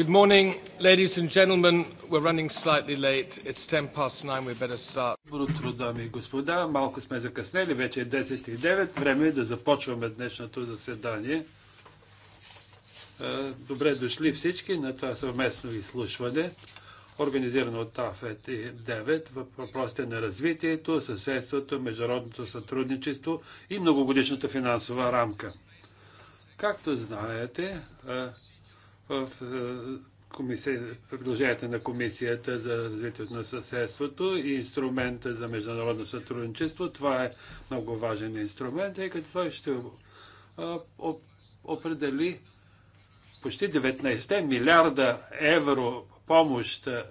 Good morning, ladies and gentlemen. We're running slightly late. It's ten past nine. We better start. Добро утро, дами и господа. Малко сме закъснели. Вече е 10.09. Време е да започваме днешното заседание. Е, добре дошли всички на това съвместно изслушване, организирано от АФЕТ и 9 въпросите на развитието, съседството, международното сътрудничество и многогодишната финансова рамка. Както знаете, е, в е, предложението на Комисията за развитието на съседството и инструмента за международно сътрудничество. Това е много важен инструмент, тъй като той ще е, определи почти 19 милиарда евро помощ е,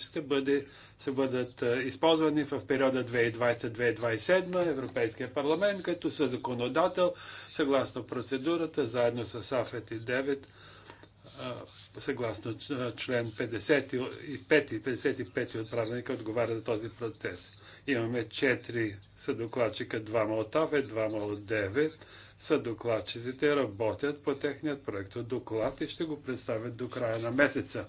ще, бъде, ще бъдат използвани в периода 2020-2027 Европейския парламент, като със законодател, съгласно процедурата, заедно с АФЕТ и 9 съгласно член 55 от правилника отговаря за този процес. Имаме 4 съдокладчика, двама от АВЕ, двама от ДЕВЕ. Съдокладчиците работят по техният проект от доклад и ще го представят до края на месеца.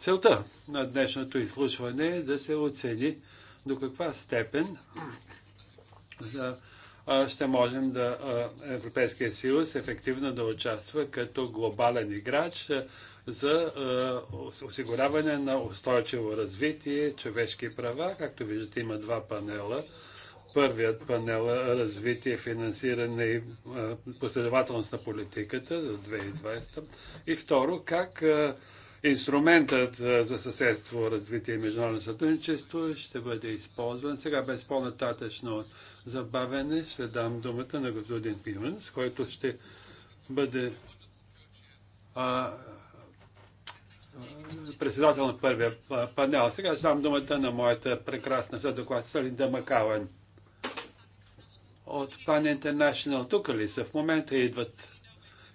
Целта на днешното изслушване е да се оцени до каква степен за ще можем да Европейския съюз ефективно да участва като глобален играч за осигуряване на устойчиво развитие, човешки права. Както виждате, има два панела. Първият панел е развитие, финансиране и последователност на политиката за 2020. И второ, как инструментът за съседство, развитие и международно сътрудничество ще бъде използван сега без по-нататъчно забавяне ще дам думата на господин Пименс, който ще бъде а, председател на първия панел. Сега ще дам думата на моята прекрасна съдокладчица Линда Макаван. От Pan International тук ли са? В момента идват.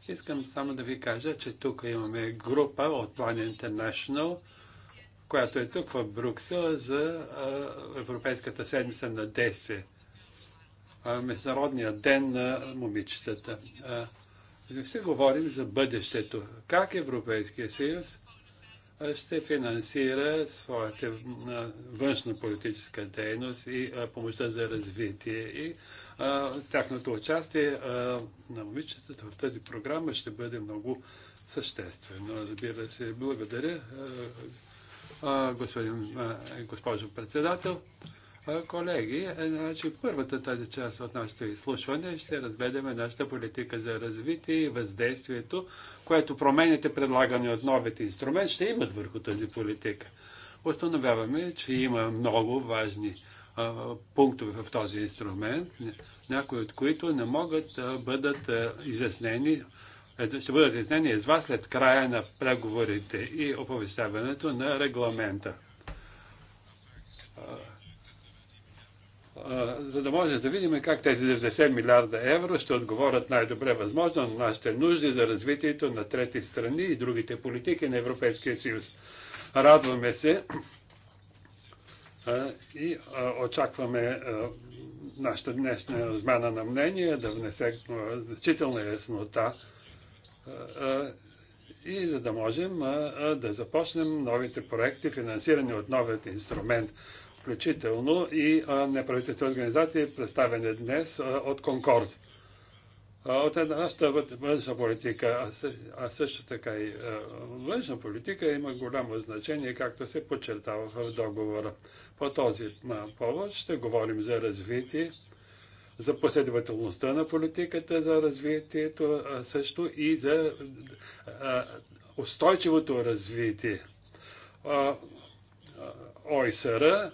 Искам само да ви кажа, че тук имаме група от Plan International, която е тук в Бруксел за Европейската седмица на действие. Международния ден на момичетата. Се говорим за бъдещето. Как Европейския съюз ще финансира своята външна политическа дейност и помощта за развитие. И тяхното участие на момичетата в тази програма ще бъде много съществено. Разбира се, благодаря, господин, госпожо председател. Колеги, е, значи първата тази част от нашето изслушване ще разгледаме нашата политика за развитие и въздействието, което промените предлагани от новите инструмент ще имат върху тази политика. Установяваме, че има много важни а, пунктове в този инструмент, някои от които не могат да бъдат а, е, изяснени е, ще бъдат изнени едва след края на преговорите и оповестяването на регламента за да може да видим как тези 90 милиарда евро ще отговорят най-добре възможно на нашите нужди за развитието на трети страни и другите политики на Европейския съюз. Радваме се и очакваме нашата днешна размяна на мнение да внесе значителна яснота и за да можем да започнем новите проекти, финансирани от новият инструмент включително и неправителствени организации, представени днес от Конкорд. От една нашата външна политика, а също така и външна политика има голямо значение, както се подчертава в договора. По този повод ще говорим за развитие, за последователността на политиката, за развитието също и за устойчивото развитие. ОИСР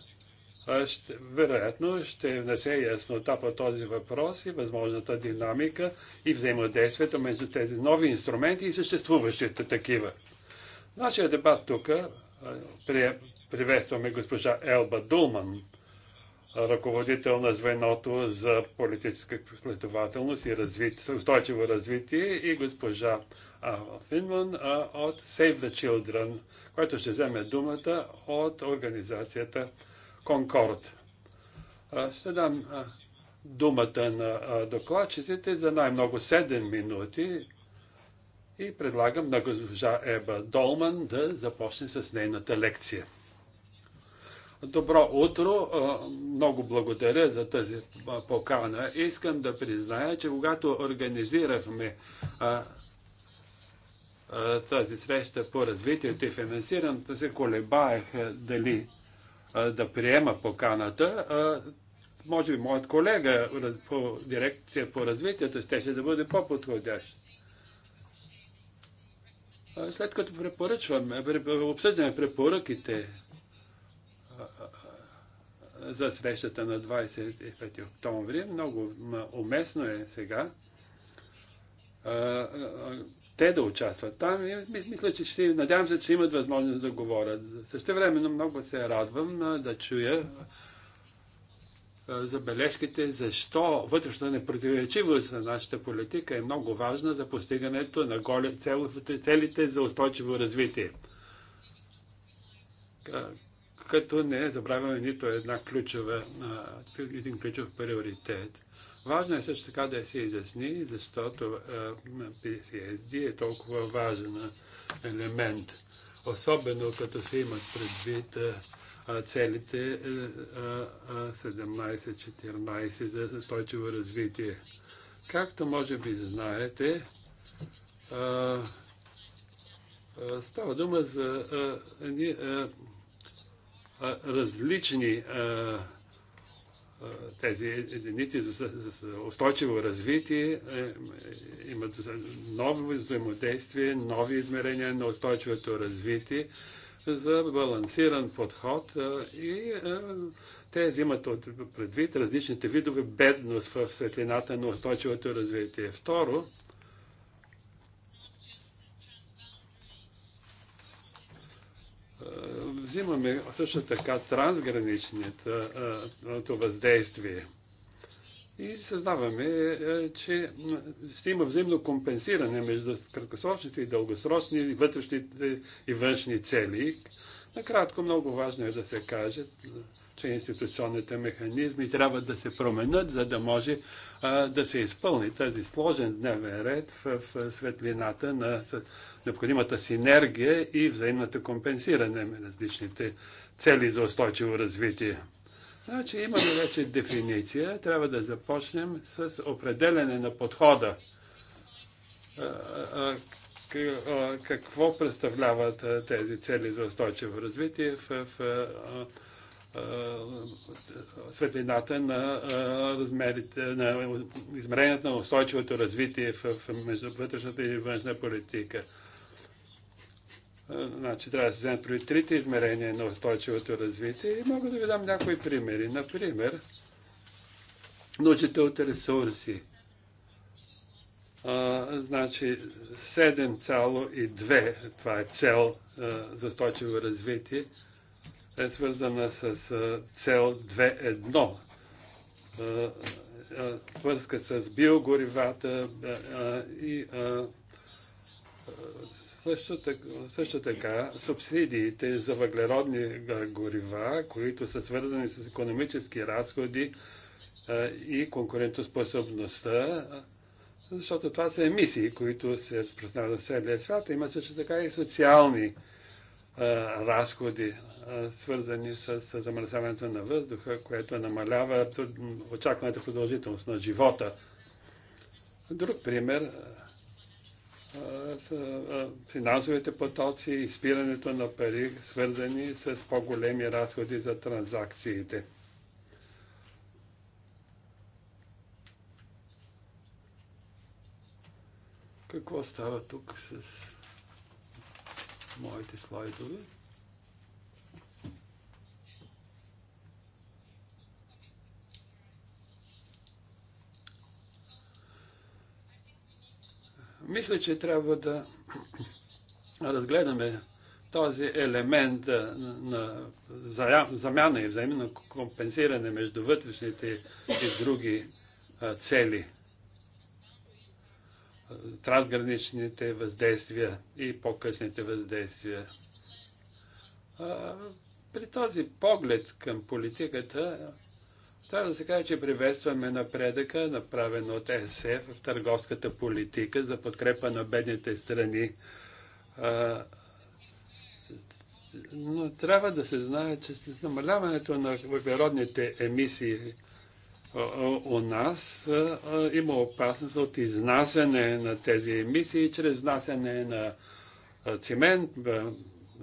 ще, вероятно ще внесе яснота по този въпрос и възможната динамика и взаимодействието между тези нови инструменти и съществуващите такива. Нашия дебат тук приветстваме госпожа Елба Дулман, ръководител на звеното за политическа последователност и развитие, устойчиво развитие и госпожа Финман от Save the Children, който ще вземе думата от организацията Конкорд. Ще дам думата на докладчиците за най-много 7 минути и предлагам на госпожа Еба Долман да започне с нейната лекция. Добро утро! Много благодаря за тази покана. Искам да призная, че когато организирахме тази среща по развитието и финансирането, се колебаех дали да приема поканата, може би моят колега по дирекция по развитието щеше да бъде по-подходящ. След като препоръчваме, обсъждаме препоръките за срещата на 25 октомври, много уместно е сега те да участват там и мисля, че ще, надявам се, че имат възможност да говорят. Също времено много се радвам да чуя забележките, защо вътрешна непротиворечивост на нашата политика е много важна за постигането на цел, целите за устойчиво развитие. Като не забравяме нито една ключова, един ключов приоритет. Важно е също така да се изясни, защото е, PCSD е толкова важен елемент, особено като се имат предвид е, целите 17-14 е, за устойчиво развитие. Както може би знаете, става дума за различни тези единици за устойчиво развитие е, е, имат ново взаимодействие, нови измерения на устойчивото развитие за балансиран подход е, и те взимат предвид различните видове бедност в светлината на устойчивото развитие. Второ, взимаме също така трансграничното въздействие и съзнаваме, е, че ще има взаимно компенсиране между краткосрочните и дългосрочни, вътрешните и външни цели. Накратко, много важно е да се каже, че институционните механизми трябва да се променят, за да може а, да се изпълни тази сложен дневен ред в, в светлината на необходимата синергия и взаимната компенсиране на различните цели за устойчиво развитие. Значи имаме вече дефиниция, трябва да започнем с определене на подхода. какво представляват тези цели за устойчиво развитие в, в, в светлината на размерите, на измеренията на устойчивото развитие в, вътрешната и външна политика. Значи трябва да се вземат при трите измерения на устойчивото развитие и мога да ви дам някои примери. Например, нуждите от ресурси. А, значи 7,2, това е цел а, за устойчиво развитие, е свързана с цел 2.1, връзка с биогоривата и също така, също така субсидиите за въглеродни горива, които са свързани с економически разходи и конкурентоспособността, защото това са емисии, които се разпространяват в целия свят. Има също така и социални разходи, свързани с замърсяването на въздуха, което намалява очакваната продължителност на живота. Друг пример са финансовите потоци и спирането на пари, свързани с по-големи разходи за транзакциите. Какво става тук с моите слайдове. Мисля, че трябва да разгледаме този елемент на замяна и взаимно компенсиране между вътрешните и други цели – трансграничните въздействия и по-късните въздействия. А, при този поглед към политиката, трябва да се каже, че приветстваме напредъка, направен от ЕСЕФ в търговската политика за подкрепа на бедните страни. А, но трябва да се знае, че с намаляването на въглеродните емисии у нас има опасност от изнасяне на тези емисии чрез внасяне на цимент,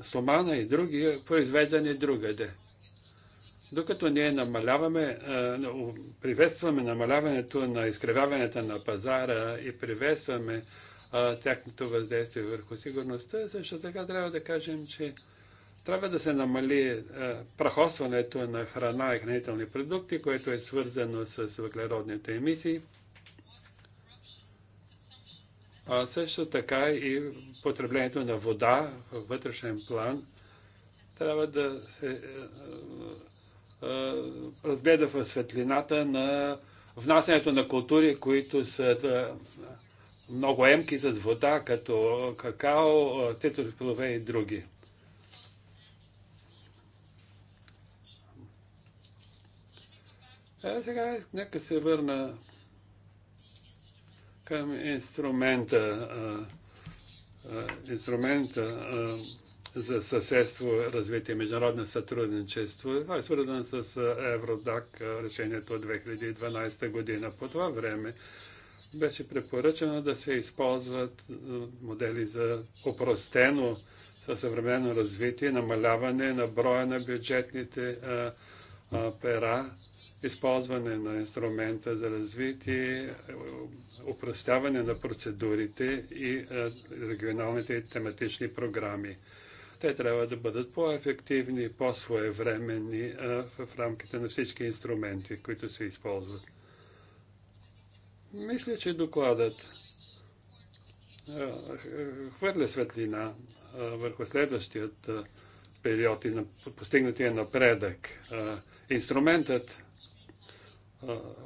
стомана и други, произведени другаде. Докато ние намаляваме, приветстваме намаляването на изкривяването на пазара и приветстваме тяхното въздействие върху сигурността, също така трябва да кажем, че трябва да се намали е, прахосването на храна и хранителни продукти, което е свързано с въглеродните емисии. А също така и потреблението на вода в вътрешен план трябва да се е, е, разгледа в светлината на внасянето на култури, които са много емки с вода, като какао, титови плове и други. А сега нека се върна към инструмента, а, инструмента а, за съседство, развитие международно сътрудничество. Това е свързано с Евродак, решението от 2012 година. По това време беше препоръчено да се използват модели за опростено със съвременно развитие, намаляване на броя на бюджетните а, а, пера, използване на инструмента за развитие, упростяване на процедурите и е, регионалните тематични програми. Те трябва да бъдат по-ефективни по-своевременни е, в рамките на всички инструменти, които се използват. Мисля, че докладът е, хвърля светлина върху следващият период и на постигнатия напредък. Инструментът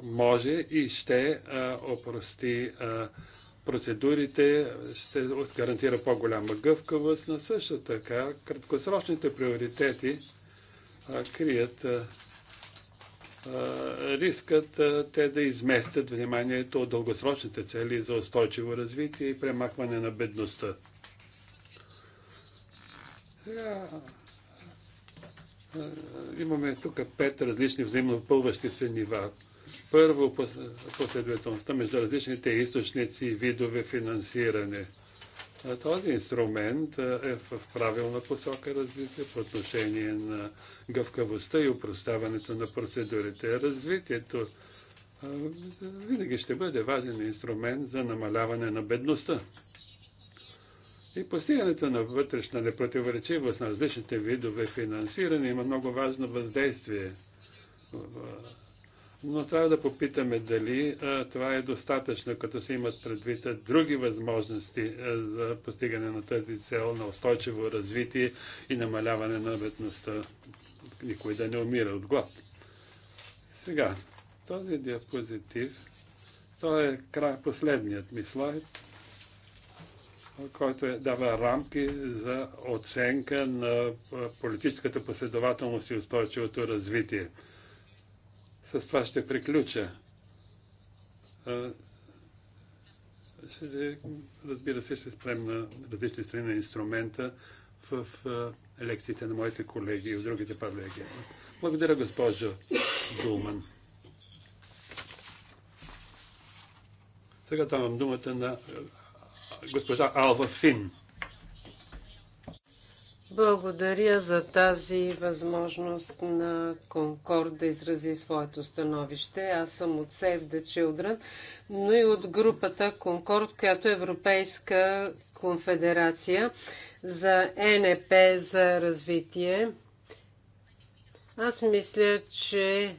може и ще опрости процедурите, ще гарантира по-голяма гъвкавост, но също така краткосрочните приоритети крият рискът те да изместят вниманието от дългосрочните цели за устойчиво развитие и премахване на бедността. Е, имаме тук пет различни взаимопълващи се нива. Първо, последователността между различните източници и видове финансиране. Този инструмент е в правилна посока развитие по отношение на гъвкавостта и упростяването на процедурите. Развитието винаги ще бъде важен инструмент за намаляване на бедността. И постигането на вътрешна непротиворечивост на различните видове финансиране има много важно въздействие. Но трябва да попитаме дали а, това е достатъчно, като се имат предвид други възможности а, за постигане на тази цел на устойчиво развитие и намаляване на бедността. Никой да не умира от глад. Сега, този диапозитив, той е край последният ми слайд който е, дава рамки за оценка на политическата последователност и устойчивото развитие. С това ще приключа. разбира се, ще спрем на различни страни на инструмента в лекциите на моите колеги и в другите павлеги. Благодаря, госпожо Дулман. Сега давам думата на госпожа Алва Фин. Благодаря за тази възможност на Конкорд да изрази своето становище. Аз съм от Save the Children, но и от групата Конкорд, която е Европейска конфедерация за НП за развитие. Аз мисля, че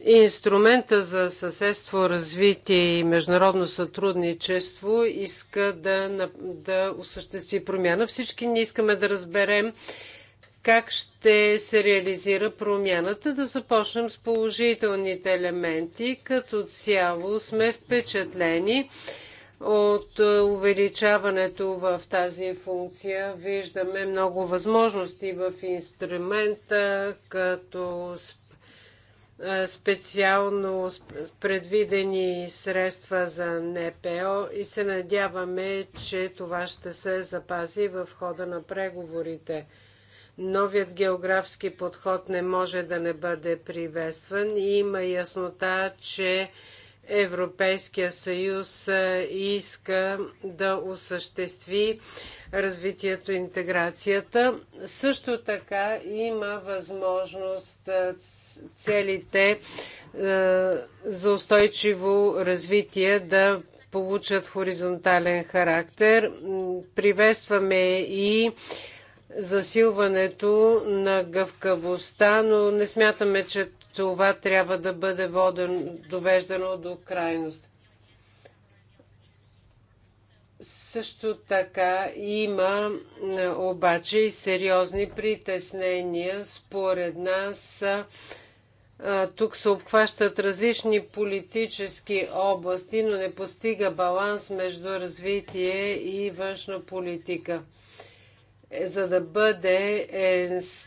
Инструмента за съседство, развитие и международно сътрудничество иска да, да осъществи промяна. Всички ние искаме да разберем как ще се реализира промяната, да започнем с положителните елементи. Като цяло сме впечатлени от е, увеличаването в тази функция. Виждаме много възможности в инструмента, като специално предвидени средства за НПО и се надяваме, че това ще се запази в хода на преговорите. Новият географски подход не може да не бъде приветстван и има яснота, че Европейския съюз иска да осъществи развитието и интеграцията. Също така има възможност целите е, за устойчиво развитие да получат хоризонтален характер. Приветстваме и засилването на гъвкавостта, но не смятаме, че това трябва да бъде воден, довеждано до крайност. Също така има е, обаче и сериозни притеснения. Според нас е, тук се обхващат различни политически области, но не постига баланс между развитие и външна политика. Е, за да бъде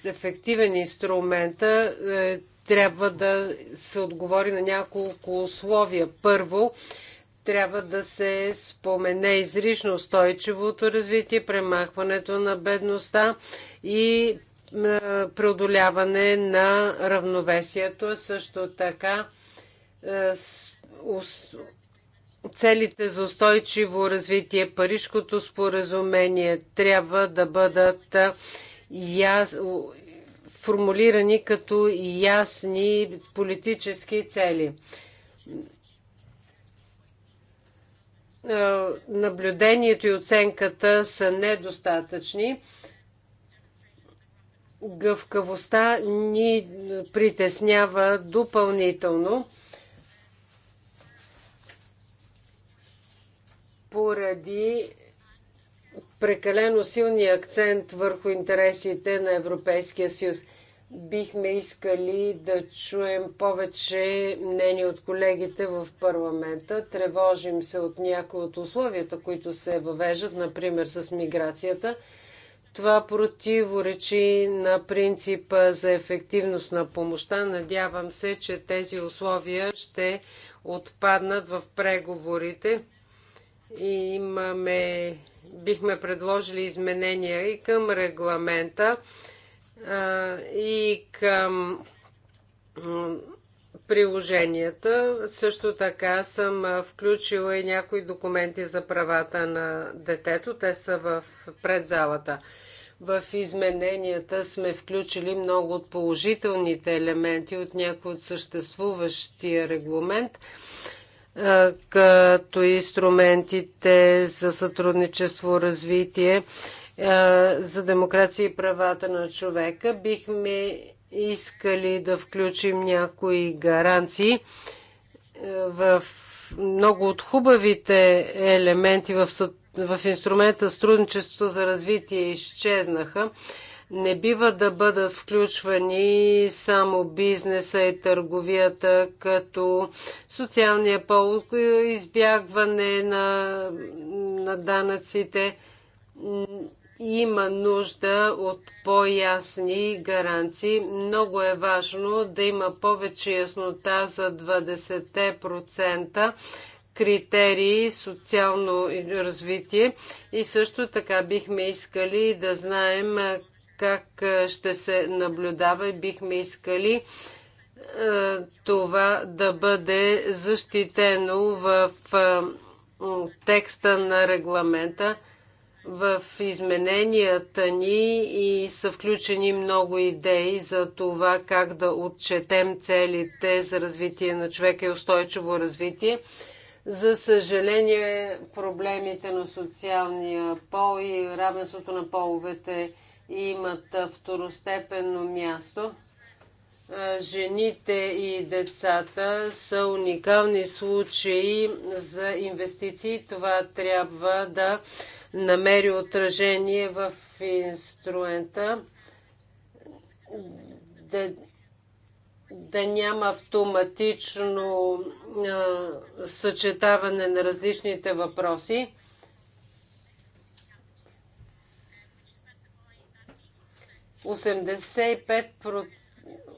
ефективен инструмент, е, трябва да се отговори на няколко условия. Първо, трябва да се спомене изрично устойчивото развитие, премахването на бедността и преодоляване на равновесието, също така е, целите за устойчиво развитие, Парижкото споразумение трябва да бъдат е, яс... формулирани като ясни политически цели. Е, наблюдението и оценката са недостатъчни гъвкавостта ни притеснява допълнително. поради прекалено силния акцент върху интересите на Европейския съюз. Бихме искали да чуем повече мнение от колегите в парламента. Тревожим се от някои от условията, които се въвеждат, например с миграцията – това противоречи на принципа за ефективност на помощта. Надявам се, че тези условия ще отпаднат в преговорите. И имаме, бихме предложили изменения и към регламента, и към приложенията. Също така съм включила и някои документи за правата на детето. Те са в предзалата. В измененията сме включили много от положителните елементи от някои от съществуващия регламент, като инструментите за сътрудничество, развитие, за демокрация и правата на човека. Бихме искали да включим някои гаранции е, в много от хубавите елементи в, в инструмента Струдничество за развитие изчезнаха. Не бива да бъдат включвани само бизнеса и търговията, като социалния пол, избягване на, на данъците има нужда от по-ясни гаранции. Много е важно да има повече яснота за 20% критерии социално развитие и също така бихме искали да знаем как ще се наблюдава и бихме искали това да бъде защитено в текста на регламента. В измененията ни и са включени много идеи за това как да отчетем целите за развитие на човека и устойчиво развитие. За съжаление, проблемите на социалния пол и равенството на половете имат второстепенно място. Жените и децата са уникални случаи за инвестиции. Това трябва да намери отражение в инструмента, да, да няма автоматично а, съчетаване на различните въпроси.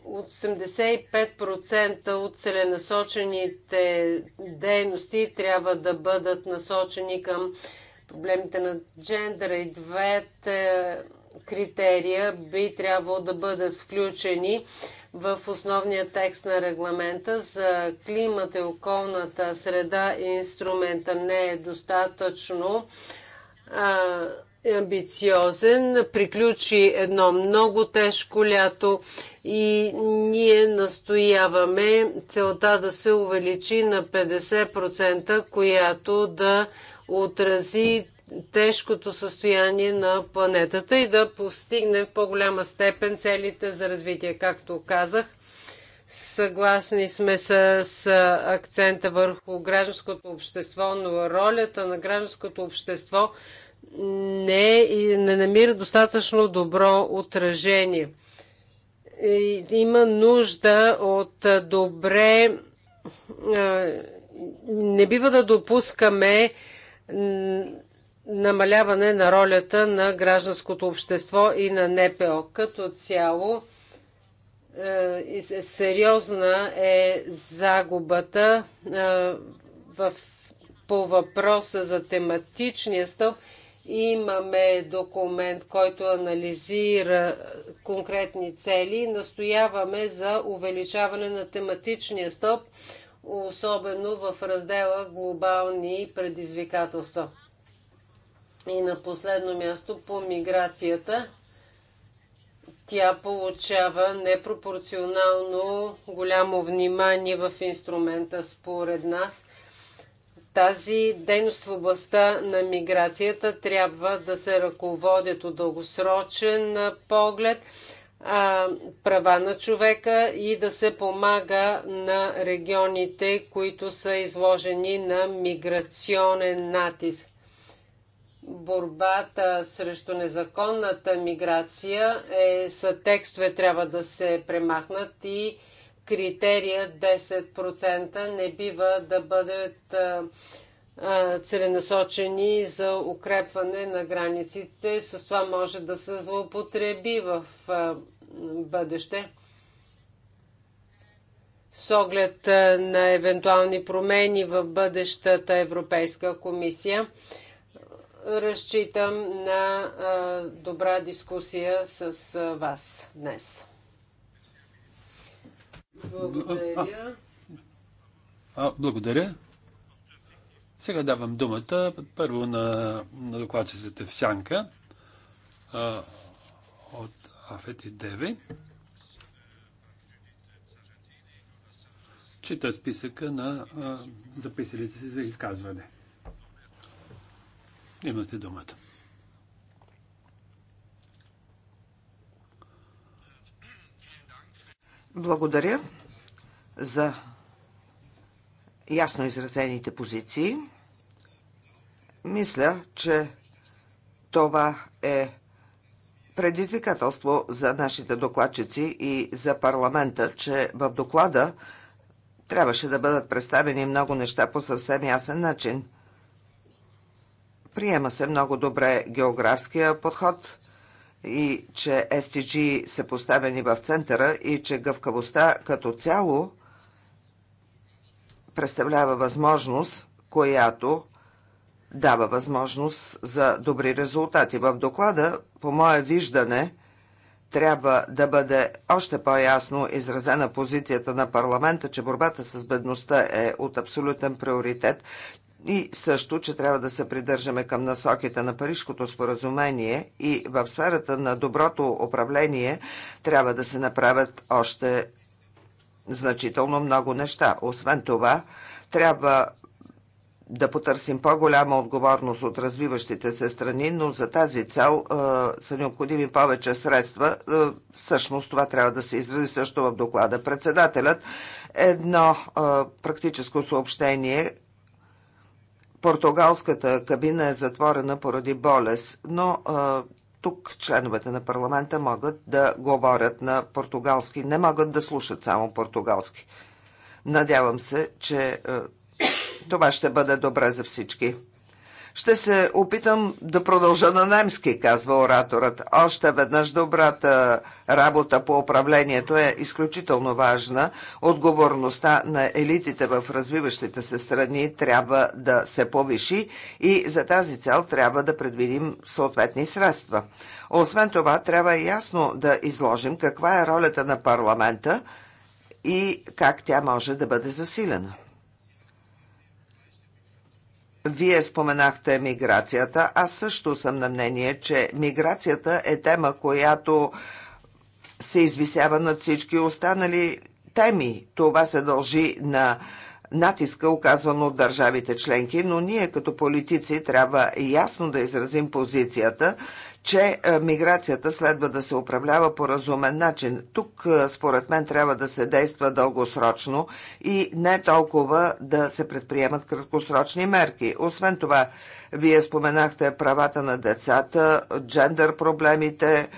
от 85% от целенасочените дейности трябва да бъдат насочени към проблемите на джендъра и двете е, критерия би трябвало да бъдат включени в основния текст на регламента за климата и околната среда и инструмента не е достатъчно а, амбициозен. Приключи едно много тежко лято и ние настояваме целта да се увеличи на 50%, която да отрази тежкото състояние на планетата и да постигне в по-голяма степен целите за развитие. Както казах, съгласни сме с, с акцента върху гражданското общество, но ролята на гражданското общество не, не намира достатъчно добро отражение. Има нужда от добре. Не бива да допускаме намаляване на ролята на гражданското общество и на НПО. Като цяло е, сериозна е загубата е, в, по въпроса за тематичния стълб. Имаме документ, който анализира конкретни цели. Настояваме за увеличаване на тематичния стълб особено в раздела глобални предизвикателства. И на последно място по миграцията. Тя получава непропорционално голямо внимание в инструмента според нас. Тази дейност в областта на миграцията трябва да се ръководят от дългосрочен поглед а, права на човека и да се помага на регионите, които са изложени на миграционен натиск. Борбата срещу незаконната миграция е, са текстове трябва да се премахнат и критерия 10% не бива да бъдат целенасочени за укрепване на границите. С това може да се злоупотреби в бъдеще. С оглед на евентуални промени в бъдещата Европейска комисия, разчитам на добра дискусия с вас днес. Благодаря. А, благодаря. Сега давам думата първо на, на докладчицата в Сянка а, от Афет и Деви. Чита списъка на а, записалите си за изказване. Имате думата. Благодаря за ясно изразените позиции. Мисля, че това е предизвикателство за нашите докладчици и за парламента, че в доклада трябваше да бъдат представени много неща по съвсем ясен начин. Приема се много добре географския подход и че STG са поставени в центъра и че гъвкавостта като цяло представлява възможност, която дава възможност за добри резултати. В доклада, по мое виждане, трябва да бъде още по-ясно изразена позицията на парламента, че борбата с бедността е от абсолютен приоритет и също, че трябва да се придържаме към насоките на Парижското споразумение и в сферата на доброто управление трябва да се направят още значително много неща. Освен това, трябва да потърсим по-голяма отговорност от развиващите се страни, но за тази цел е, са необходими повече средства. Е, всъщност това трябва да се изрази също в доклада. Председателят едно е, практическо съобщение. Португалската кабина е затворена поради болест, но е, тук членовете на парламента могат да говорят на португалски, не могат да слушат само португалски. Надявам се, че е, това ще бъде добре за всички. Ще се опитам да продължа на немски, казва ораторът. Още веднъж добрата работа по управлението е изключително важна. Отговорността на елитите в развиващите се страни трябва да се повиши и за тази цел трябва да предвидим съответни средства. Освен това, трябва ясно да изложим каква е ролята на парламента и как тя може да бъде засилена. Вие споменахте миграцията. Аз също съм на мнение, че миграцията е тема, която се извисява над всички останали теми. Това се дължи на натиска, оказвано от държавите членки, но ние като политици трябва ясно да изразим позицията че е, миграцията следва да се управлява по разумен начин. Тук, е, според мен, трябва да се действа дългосрочно и не толкова да се предприемат краткосрочни мерки. Освен това, вие споменахте правата на децата, джендър проблемите,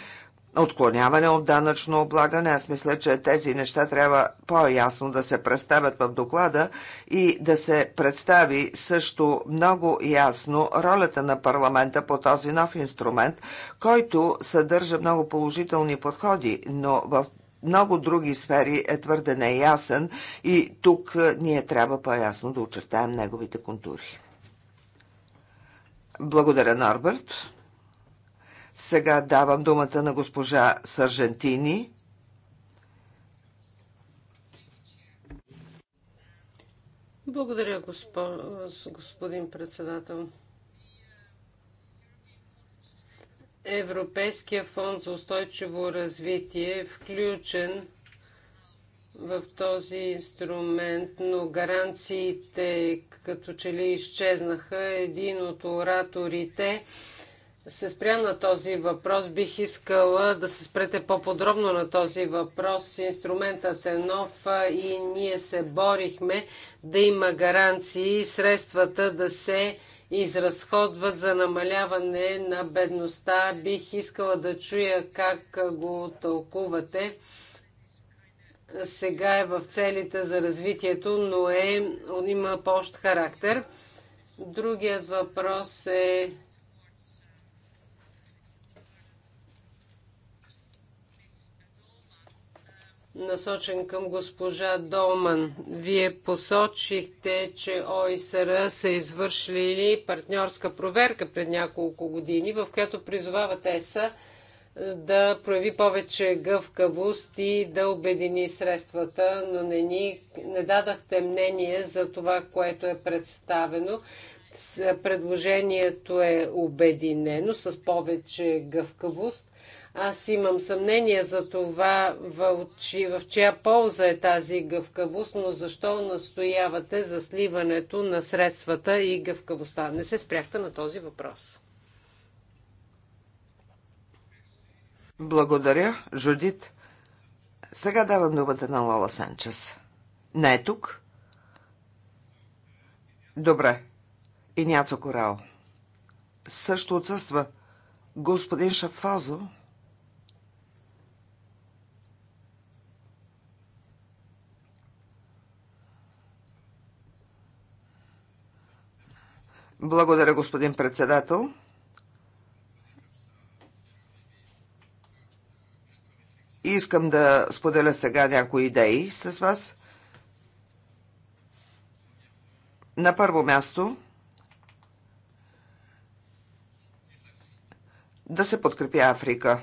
отклоняване от данъчно облагане. Аз мисля, че тези неща трябва по-ясно да се представят в доклада и да се представи също много ясно ролята на парламента по този нов инструмент, който съдържа много положителни подходи, но в много други сфери е твърде неясен и тук е, ние трябва по-ясно да очертаем неговите контури. Благодаря, Норберт. Сега давам думата на госпожа Саржентини. Благодаря, господин председател. Европейския фонд за устойчиво развитие е включен в този инструмент, но гаранциите като че ли изчезнаха. Един от ораторите се спря на този въпрос. Бих искала да се спрете по-подробно на този въпрос. Инструментът е нов и ние се борихме да има гаранции средствата да се изразходват за намаляване на бедността. Бих искала да чуя как го тълкувате. Сега е в целите за развитието, но е, има по-общ характер. Другият въпрос е насочен към госпожа Долман. Вие посочихте, че ОИСР са извършили партньорска проверка пред няколко години, в която призовават ЕСА е, да прояви повече гъвкавост и да обедини средствата, но не ни не дадахте мнение за това, което е представено. Предложението е обединено с повече гъвкавост аз имам съмнение за това в, чи, в чия полза е тази гъвкавост, но защо настоявате за сливането на средствата и гъвкавостта? Не се спряхте на този въпрос. Благодаря, Жудит. Сега давам думата на Лола Санчес. Не е тук? Добре. Няцо Корал. Също отсъства. Господин Шафазо Благодаря, господин председател. И искам да споделя сега някои идеи с вас. На първо място да се подкрепи Африка,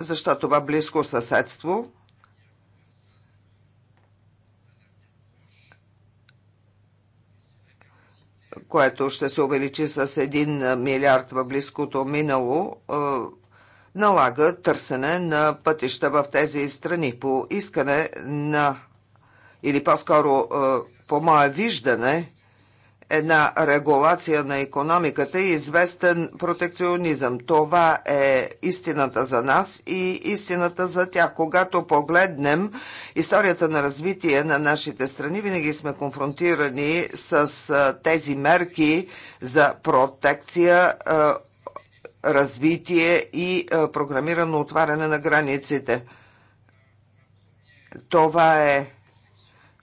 защото това близко съседство което ще се увеличи с 1 милиард в близкото минало, е, налага търсене на пътища в тези страни по искане на или по-скоро е, по мое виждане една регулация на економиката и известен протекционизъм. Това е истината за нас и истината за тях. Когато погледнем историята на развитие на нашите страни, винаги сме конфронтирани с тези мерки за протекция, развитие и програмирано отваряне на границите. Това е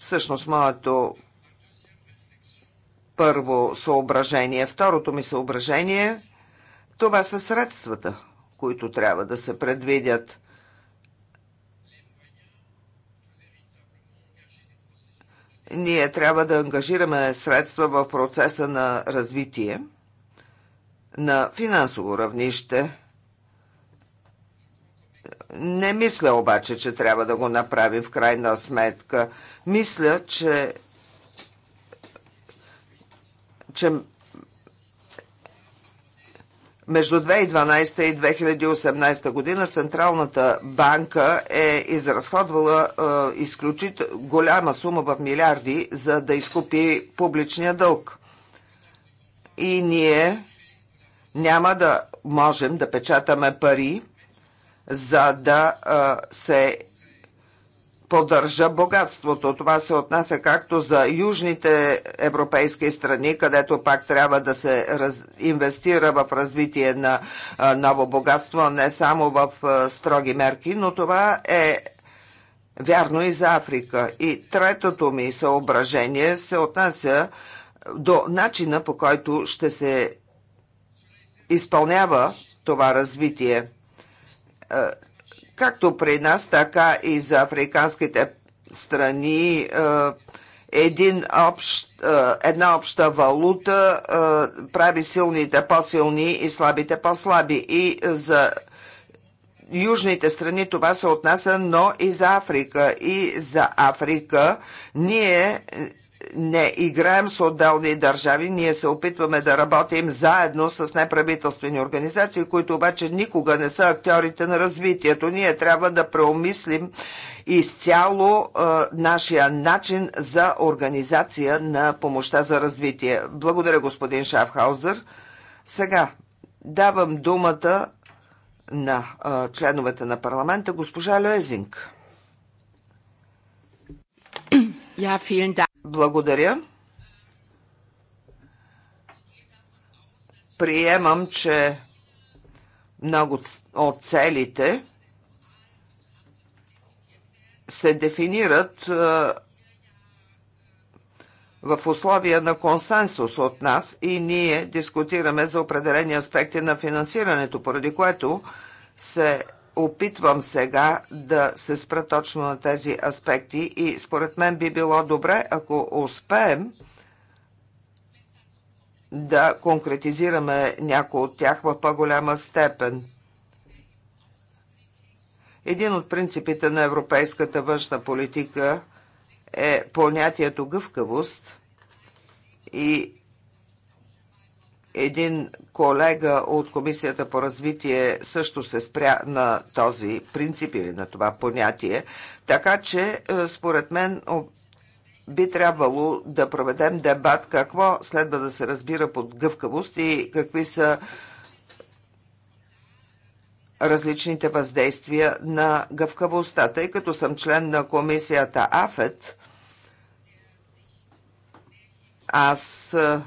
всъщност моето първо съображение. Второто ми съображение това са средствата, които трябва да се предвидят. Ние трябва да ангажираме средства в процеса на развитие на финансово равнище. Не мисля обаче, че трябва да го направим в крайна сметка. Мисля, че че между 2012 и 2018 година Централната банка е изразходвала е, изключит, голяма сума в милиарди, за да изкупи публичния дълг. И ние няма да можем да печатаме пари, за да е, се поддържа богатството. Това се отнася както за южните европейски страни, където пак трябва да се раз... инвестира в развитие на а, ново богатство, не само в а, строги мерки, но това е вярно и за Африка. И третото ми съображение се отнася до начина по който ще се изпълнява това развитие Както при нас, така и за африканските страни е, един общ, е, една обща валута е, прави силните по-силни и слабите по-слаби. И за южните страни това се отнася, но и за Африка. И за Африка ние не играем с отделни държави, ние се опитваме да работим заедно с неправителствени организации, които обаче никога не са актьорите на развитието. Ние трябва да преомислим изцяло е, нашия начин за организация на помощта за развитие. Благодаря, господин Шафхаузер. Сега давам думата на е, членовете на парламента, госпожа Лезинг. Ja, vielen Dank. Благодаря. Приемам, че много от целите се дефинират в условия на консенсус от нас и ние дискутираме за определени аспекти на финансирането, поради което се опитвам сега да се спра точно на тези аспекти и според мен би било добре, ако успеем да конкретизираме някои от тях в по-голяма степен. Един от принципите на европейската външна политика е понятието гъвкавост и един колега от Комисията по развитие също се спря на този принцип или на това понятие. Така че, е, според мен, би трябвало да проведем дебат какво следва да се разбира под гъвкавост и какви са различните въздействия на гъвкавостта. Тъй като съм член на комисията АФЕТ, аз е,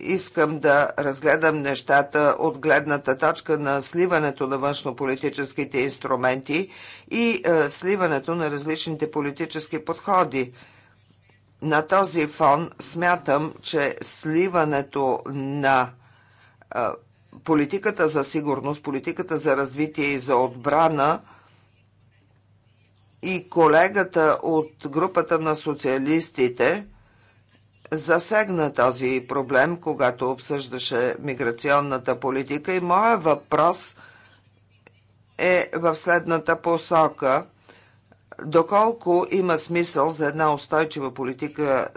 искам да разгледам нещата от гледната точка на сливането на външнополитическите инструменти и е, сливането на различните политически подходи. На този фон смятам, че сливането на е, политиката за сигурност, политиката за развитие и за отбрана и колегата от групата на социалистите – засегна този проблем, когато обсъждаше миграционната политика и моя въпрос е в следната посока. Доколко има смисъл за една устойчива политика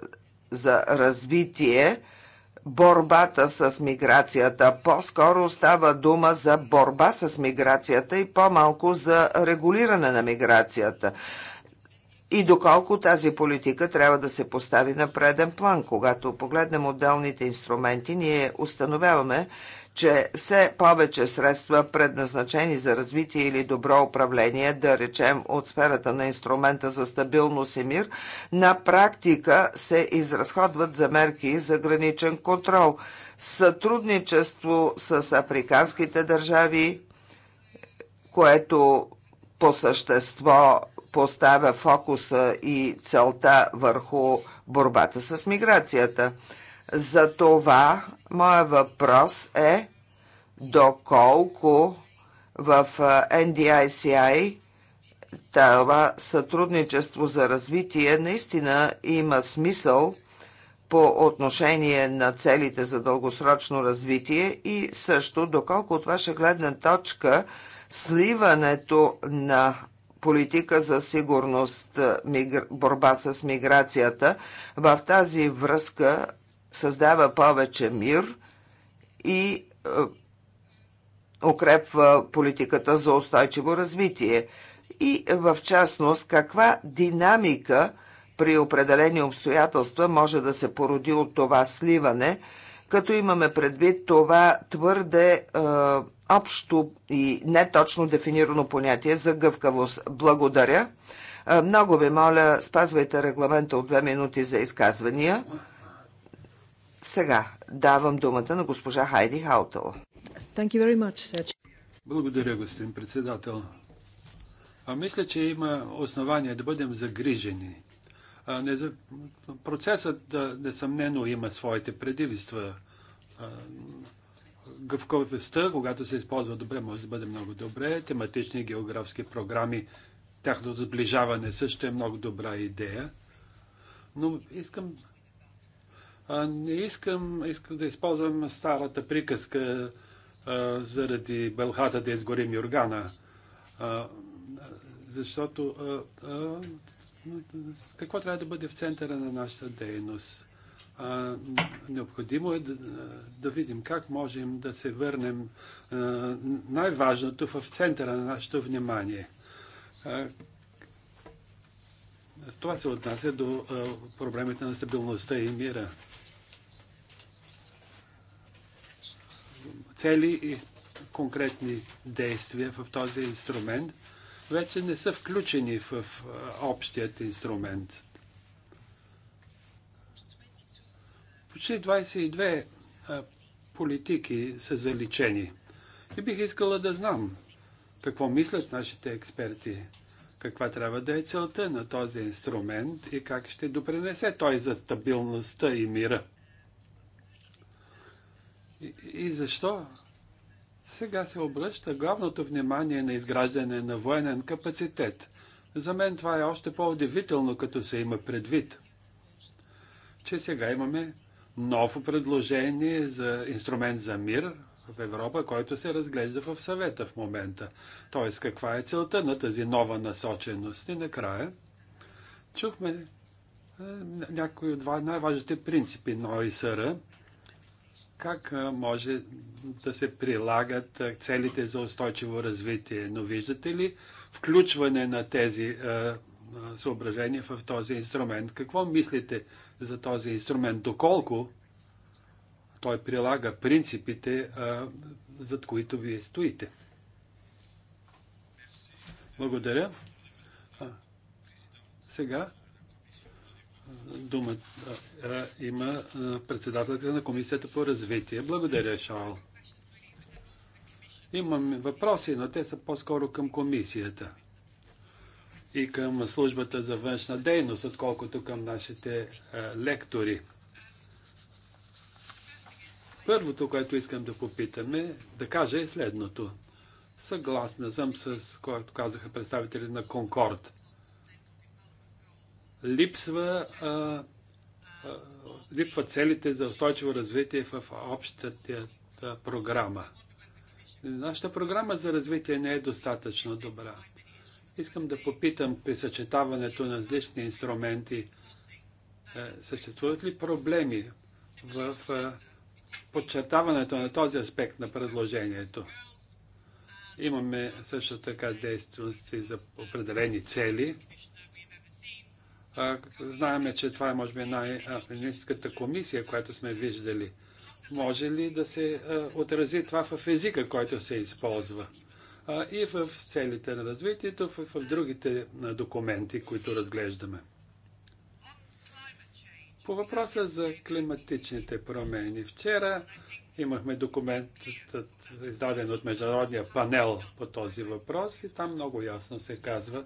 за развитие, борбата с миграцията. По-скоро става дума за борба с миграцията и по-малко за регулиране на миграцията и доколко тази политика трябва да се постави на преден план. Когато погледнем отделните инструменти, ние установяваме, че все повече средства, предназначени за развитие или добро управление, да речем от сферата на инструмента за стабилност и мир, на практика се изразходват за мерки за граничен контрол, сътрудничество с африканските държави, което по същество поставя фокуса и целта върху борбата с миграцията. За това моят въпрос е доколко в NDICI това сътрудничество за развитие наистина има смисъл по отношение на целите за дългосрочно развитие и също доколко от ваша гледна точка сливането на политика за сигурност, борба с миграцията, в тази връзка създава повече мир и укрепва политиката за устойчиво развитие. И в частност, каква динамика при определени обстоятелства може да се породи от това сливане – като имаме предвид това твърде е, общо и неточно дефинирано понятие за гъвкавост. Благодаря. Много ви моля, спазвайте регламента от две минути за изказвания. Сега давам думата на госпожа Хайди Хаутел. Благодаря, господин председател. А мисля, че има основания да бъдем загрижени Процесът несъмнено има своите предимства. Гъвковестта, когато се използва добре, може да бъде много добре. Тематични географски програми, тяхното сближаване също е много добра идея. Но искам не искам, искам да използвам старата приказка а, заради бълхата да изгорим Юргана. А, защото а, какво трябва да бъде в центъра на нашата дейност. А, необходимо е да, да видим как можем да се върнем най-важното в центъра на нашето внимание. А, това се отнася до а, проблемите на стабилността и мира. Цели и конкретни действия в този инструмент вече не са включени в общият инструмент. Почти 22 политики са заличени. И бих искала да знам какво мислят нашите експерти, каква трябва да е целта на този инструмент и как ще допринесе той за стабилността и мира. И, и защо сега се обръща главното внимание на изграждане на военен капацитет. За мен това е още по-удивително, като се има предвид, че сега имаме ново предложение за инструмент за мир в Европа, който се разглежда в съвета в момента. Тоест, каква е целта на тази нова насоченост? И накрая чухме е, някои от два най-важните принципи на ОИСР как може да се прилагат целите за устойчиво развитие. Но виждате ли включване на тези съображения в този инструмент? Какво мислите за този инструмент? Доколко той прилага принципите, зад които вие стоите? Благодаря. А, сега думата има председателка на Комисията по развитие. Благодаря, Шал. Имам въпроси, но те са по-скоро към комисията и към службата за външна дейност, отколкото към нашите лектори. Първото, което искам да попитаме, да кажа е следното. Съгласна съм с което казаха представители на Конкорд – липсва, а, а, липсва целите за устойчиво развитие в общата програма. Нашата програма за развитие не е достатъчно добра. Искам да попитам при съчетаването на различни инструменти, е, съществуват ли проблеми в е, подчертаването на този аспект на предложението? Имаме също така действности за определени цели, Знаеме, че това е, може би, най-ниската комисия, която сме виждали. Може ли да се отрази това в езика, който се използва? И в целите на развитието, и в другите документи, които разглеждаме. По въпроса за климатичните промени. Вчера имахме документ, издаден от Международния панел по този въпрос и там много ясно се казва,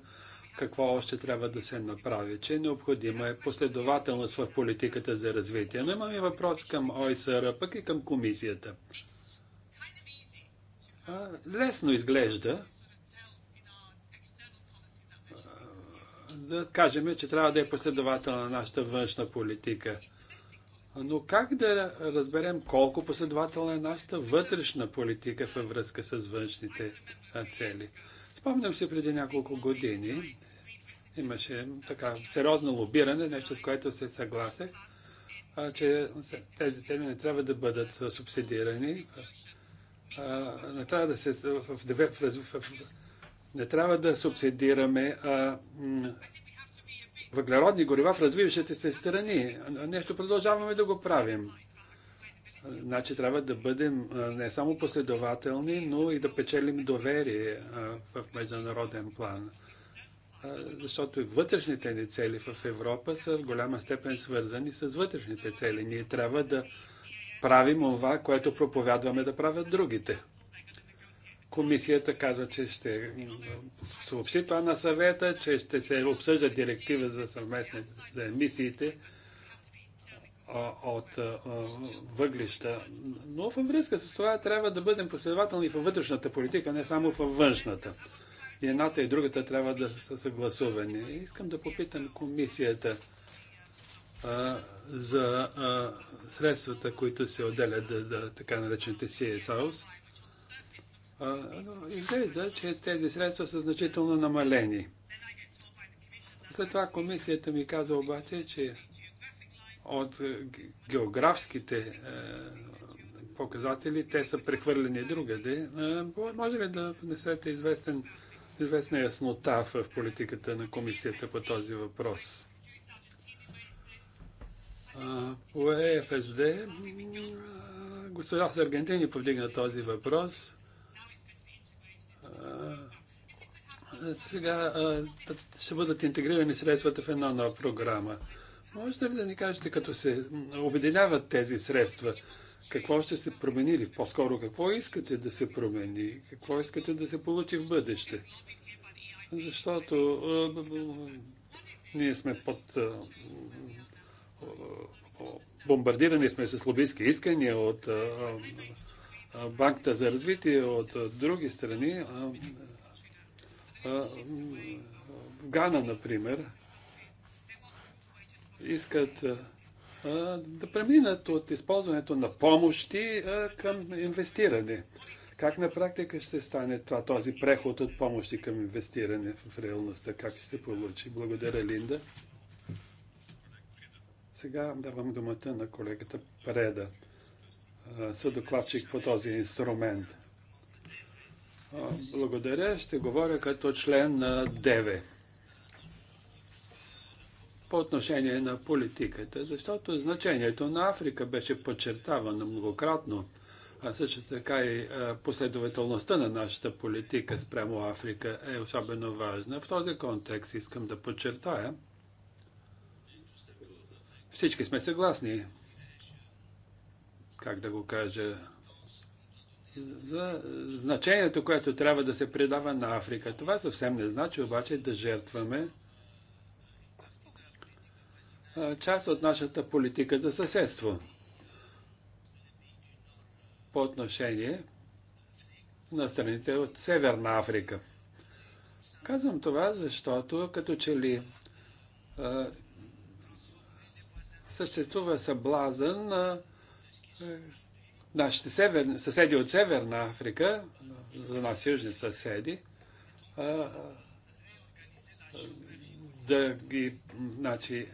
какво още трябва да се направи, че необходима е последователност в политиката за развитие. Но имам и въпрос към ОСР, пък и към комисията. лесно изглежда да кажем, че трябва да е последователна нашата външна политика. Но как да разберем колко последователна е нашата вътрешна политика във връзка с външните цели? Спомням се преди няколко години, Имаше така сериозно лобиране, нещо с което се съгласях, че тези теми не трябва да бъдат субсидирани. Не трябва да, се, в, в, в, в, не трябва да субсидираме а, въглеродни горива в развиващите се страни. Нещо продължаваме да го правим. Значи трябва да бъдем не само последователни, но и да печелим доверие в международен план защото вътрешните ни цели в Европа са в голяма степен свързани с вътрешните цели. Ние трябва да правим това, което проповядваме да правят другите. Комисията казва, че ще съобщи това на съвета, че ще се обсъжда директива за съвместни за емисиите от въглища. Но във връзка с това трябва да бъдем последователни във вътрешната политика, не само във външната. И едната и другата трябва да са съгласувани. Искам да попитам комисията а, за а, средствата, които се отделят за да, така наречените CSOs. Изглежда, че тези средства са значително намалени. След това комисията ми каза обаче, че от географските е, показатели те са прехвърлени другаде. Е, може ли да внесете известен известна яснота в политиката на комисията по този въпрос. По ЕФСД госпожа Саргентини повдигна този въпрос. Сега ще бъдат интегрирани средствата в една нова програма. Можете ли да ни кажете, като се обединяват тези средства, какво ще се промени, или по-скоро какво искате да се промени, какво искате да се получи в бъдеще. Защото ние сме под. бомбардирани сме с лобийски искания от Банката за развитие, от други страни. Гана, например, искат да преминат от използването на помощи към инвестиране. Как на практика ще стане това, този преход от помощи към инвестиране в реалността? Как ще се получи? Благодаря, Линда. Сега давам думата на колегата Преда, съдокладчик по този инструмент. Благодаря. Ще говоря като член на ДЕВЕ по отношение на политиката, защото значението на Африка беше подчертавано многократно, а също така и последователността на нашата политика спрямо Африка е особено важна. В този контекст искам да подчертая, всички сме съгласни, как да го кажа, за значението, което трябва да се предава на Африка. Това съвсем не значи обаче да жертваме част от нашата политика за съседство по отношение на страните от Северна Африка. Казвам това, защото като че ли а, съществува съблазън на нашите север, съседи от Северна Африка, за нас южни съседи, а, да ги, значи,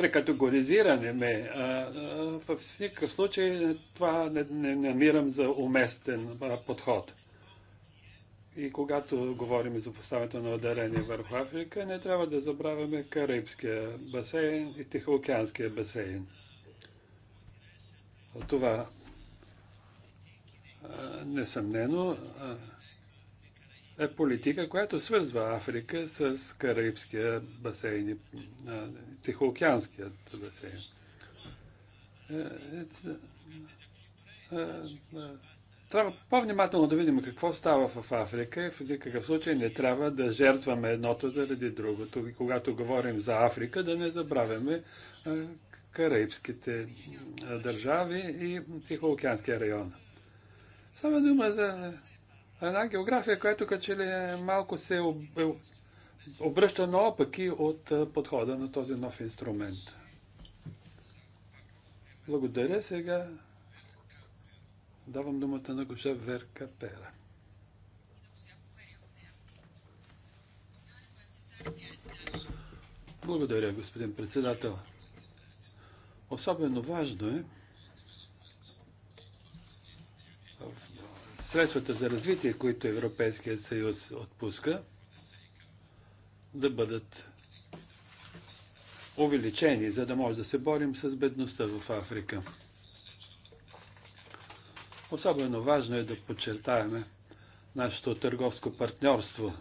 прекатегоризиране. В никакъв случай това не, не намирам за уместен подход. И когато говорим за поставянето на ударение върху Африка, не трябва да забравяме Карибския басейн и Тихоокеанския басейн. Това несъмнено е политика, която свързва Африка с Карибския басейн и Тихоокеанският басейн. Е, е, трябва по-внимателно да видим какво става в Африка и в никакъв случай не трябва да жертваме едното заради другото. И когато говорим за Африка, да не забравяме Карибските държави и Тихоокеанския район. Само дума за една география, която като че ли е малко се е обръща наопаки от подхода на този нов инструмент. Благодаря. Сега давам думата на госпожа Верка Пера. Благодаря, господин председател. Особено важно е, средствата за развитие, които Европейския съюз отпуска, да бъдат увеличени, за да може да се борим с бедността в Африка. Особено важно е да подчертаваме нашето търговско партньорство.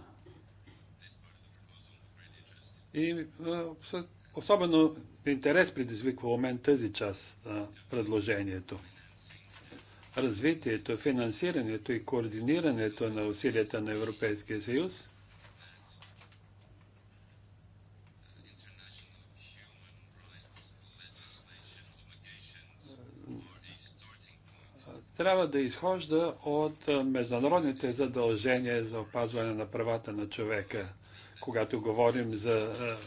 И е, особено интерес предизвиква у мен тази част на предложението развитието, финансирането и координирането на усилията на Европейския съюз трябва да изхожда от международните задължения за опазване на правата на човека. Когато говорим за е,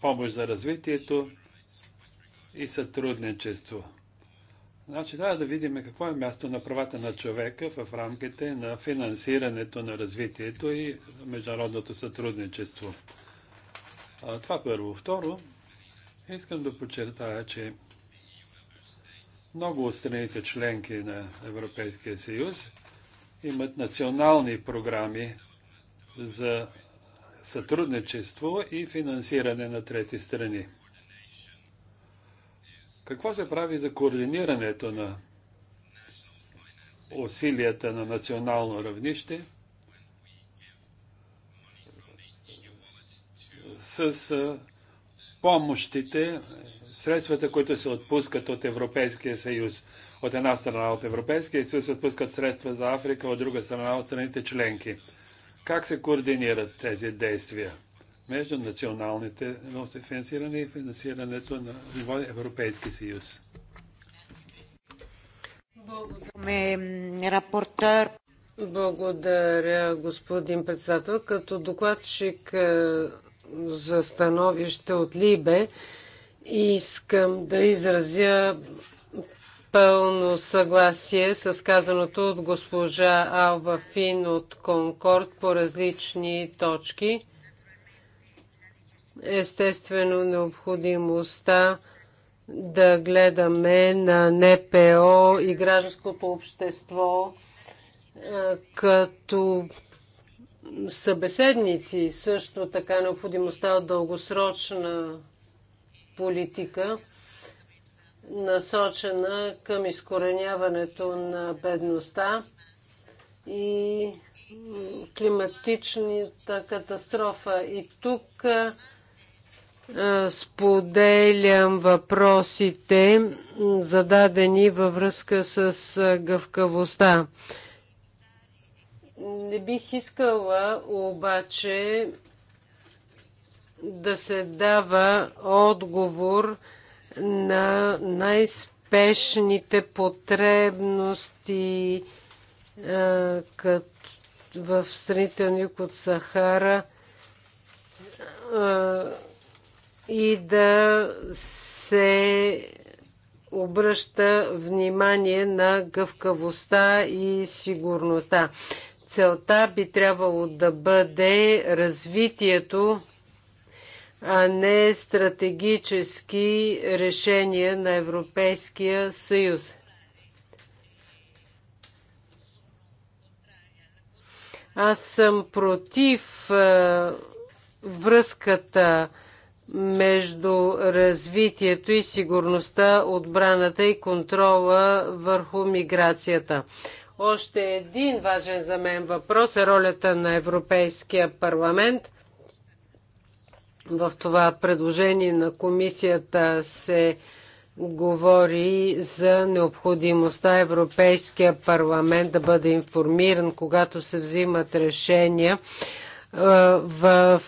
помощ за развитието и сътрудничество. Значи трябва да видим какво е място на правата на човека в рамките на финансирането на развитието и международното сътрудничество. А, това първо. Второ, искам да подчертая, че много от страните членки на Европейския съюз имат национални програми за сътрудничество и финансиране на трети страни. Какво се прави за координирането на усилията на национално равнище с помощите, средствата, които се отпускат от Европейския съюз? От една страна от Европейския съюз се отпускат средства за Африка, от друга страна от страните членки. Как се координират тези действия? между националните финансиране и финансирането на ниво Европейски съюз. Благодаря, Благодаря, господин председател. Като докладчик е, за становище от Либе, искам да изразя пълно съгласие с казаното от госпожа Алва Фин от Конкорд по различни точки. Естествено, необходимостта да гледаме на НПО и гражданското общество като събеседници, също така необходимостта от дългосрочна политика, насочена към изкореняването на бедността и климатичната катастрофа. И тук е, споделям въпросите, зададени във връзка с е, гъвкавостта. Не бих искала обаче да се дава отговор на най-спешните потребности е, като в страните на юг от Сахара и да се обръща внимание на гъвкавостта и сигурността. Целта би трябвало да бъде развитието, а не стратегически решения на Европейския съюз. Аз съм против връзката между развитието и сигурността, отбраната и контрола върху миграцията. Още един важен за мен въпрос е ролята на Европейския парламент. В това предложение на комисията се говори за необходимостта Европейския парламент да бъде информиран, когато се взимат решения в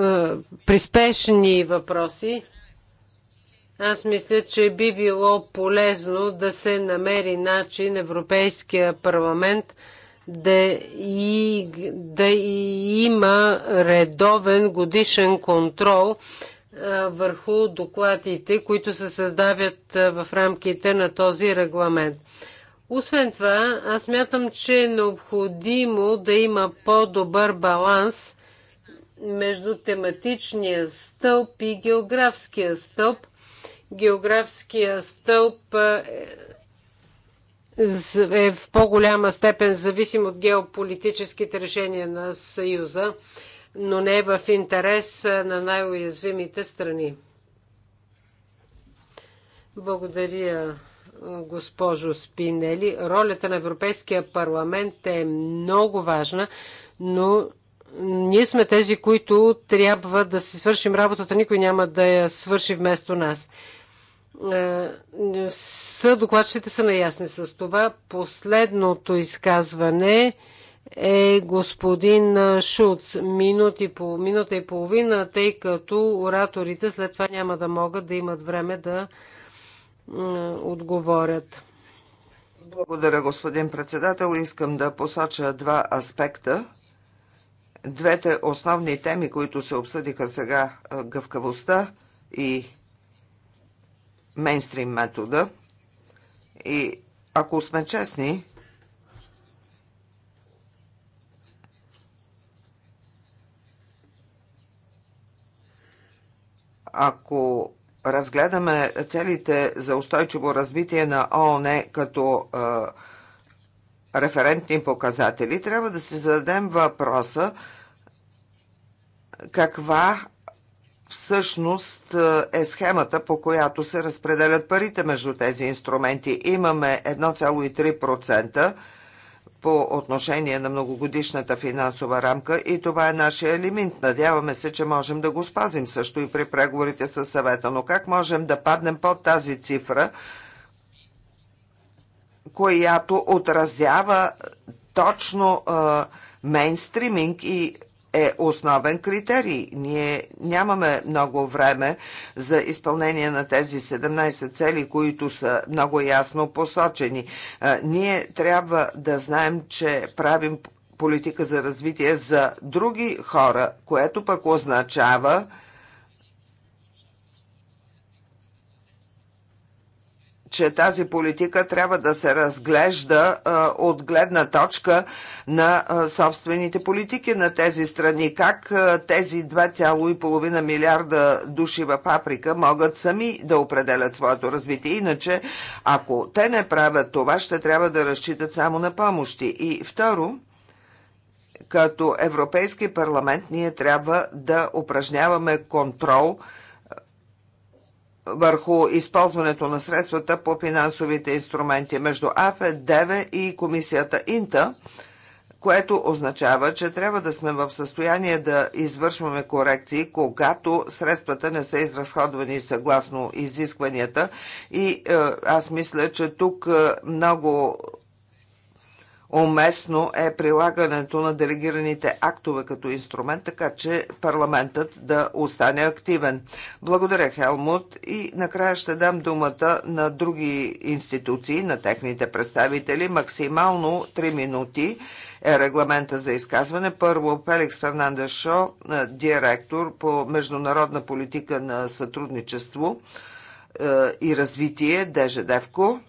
е, приспешни въпроси, аз мисля, че би било полезно да се намери начин Европейския парламент да, и, да и има редовен годишен контрол а, е, върху докладите, които се създават е, в рамките на този регламент. Освен това, аз мятам, че е необходимо да има по-добър баланс – между тематичния стълб и географския стълб. Географския стълб е, е в по-голяма степен зависим от геополитическите решения на Съюза, но не е в интерес е, на най-уязвимите страни. Благодаря, е, госпожо Спинели. Ролята на Европейския парламент е много важна, но ние сме тези, които трябва да си свършим работата, никой няма да я свърши вместо нас. Е, са докладчите са наясни с това. Последното изказване е господин Шуц. Минут и пол, минута и половина, тъй като ораторите след това няма да могат да имат време да е, отговорят. Благодаря, господин председател. Искам да посоча два аспекта двете основни теми, които се обсъдиха сега, гъвкавостта и мейнстрим метода. И ако сме честни, ако разгледаме целите за устойчиво развитие на ООН като е, референтни показатели, трябва да си зададем въпроса каква всъщност е схемата, по която се разпределят парите между тези инструменти. Имаме 1,3% по отношение на многогодишната финансова рамка и това е нашия лимит. Надяваме се, че можем да го спазим също и при преговорите с съвета. Но как можем да паднем под тази цифра, която отразява точно мейнстриминг и е основен критерий. Ние нямаме много време за изпълнение на тези 17 цели, които са много ясно посочени. Ние трябва да знаем, че правим политика за развитие за други хора, което пък означава, че тази политика трябва да се разглежда а, от гледна точка на а, собствените политики на тези страни. Как а, тези 2,5 милиарда души в Африка могат сами да определят своето развитие. Иначе, ако те не правят това, ще трябва да разчитат само на помощи. И второ, като Европейски парламент ние трябва да упражняваме контрол – върху използването на средствата по финансовите инструменти между АФЕ, ДЕВЕ и комисията Инта, което означава, че трябва да сме в състояние да извършваме корекции, когато средствата не са изразходвани съгласно изискванията. И е, аз мисля, че тук е, много уместно е прилагането на делегираните актове като инструмент, така че парламентът да остане активен. Благодаря, Хелмут. И накрая ще дам думата на други институции, на техните представители. Максимално 3 минути е регламента за изказване. Първо Феликс Фернандес Шо, е, директор по международна политика на сътрудничество е, и развитие, Дежедевко.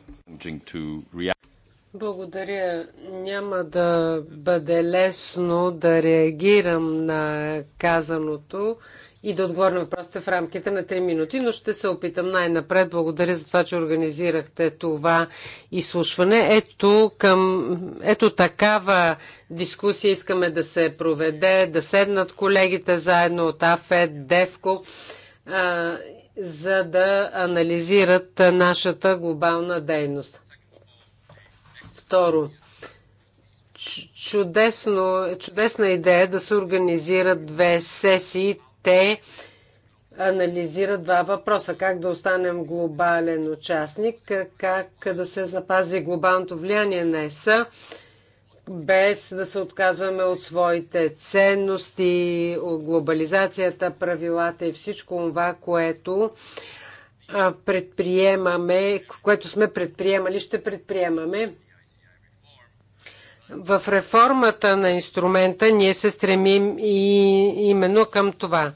Благодаря. Няма да бъде лесно да реагирам на казаното и да отговоря на въпросите в рамките на 3 минути, но ще се опитам най-напред. Благодаря за това, че организирахте това изслушване. Ето, към, ето такава дискусия искаме да се проведе, да седнат колегите заедно от АФЕД, ДЕВКО, за да анализират нашата глобална дейност. Второ, чудесно, чудесна идея да се организират две сесии. Те анализират два въпроса. Как да останем глобален участник, как да се запази глобалното влияние на ЕСА, без да се отказваме от своите ценности, от глобализацията, правилата и всичко това, което предприемаме, което сме предприемали, ще предприемаме. В реформата на инструмента ние се стремим и именно към това.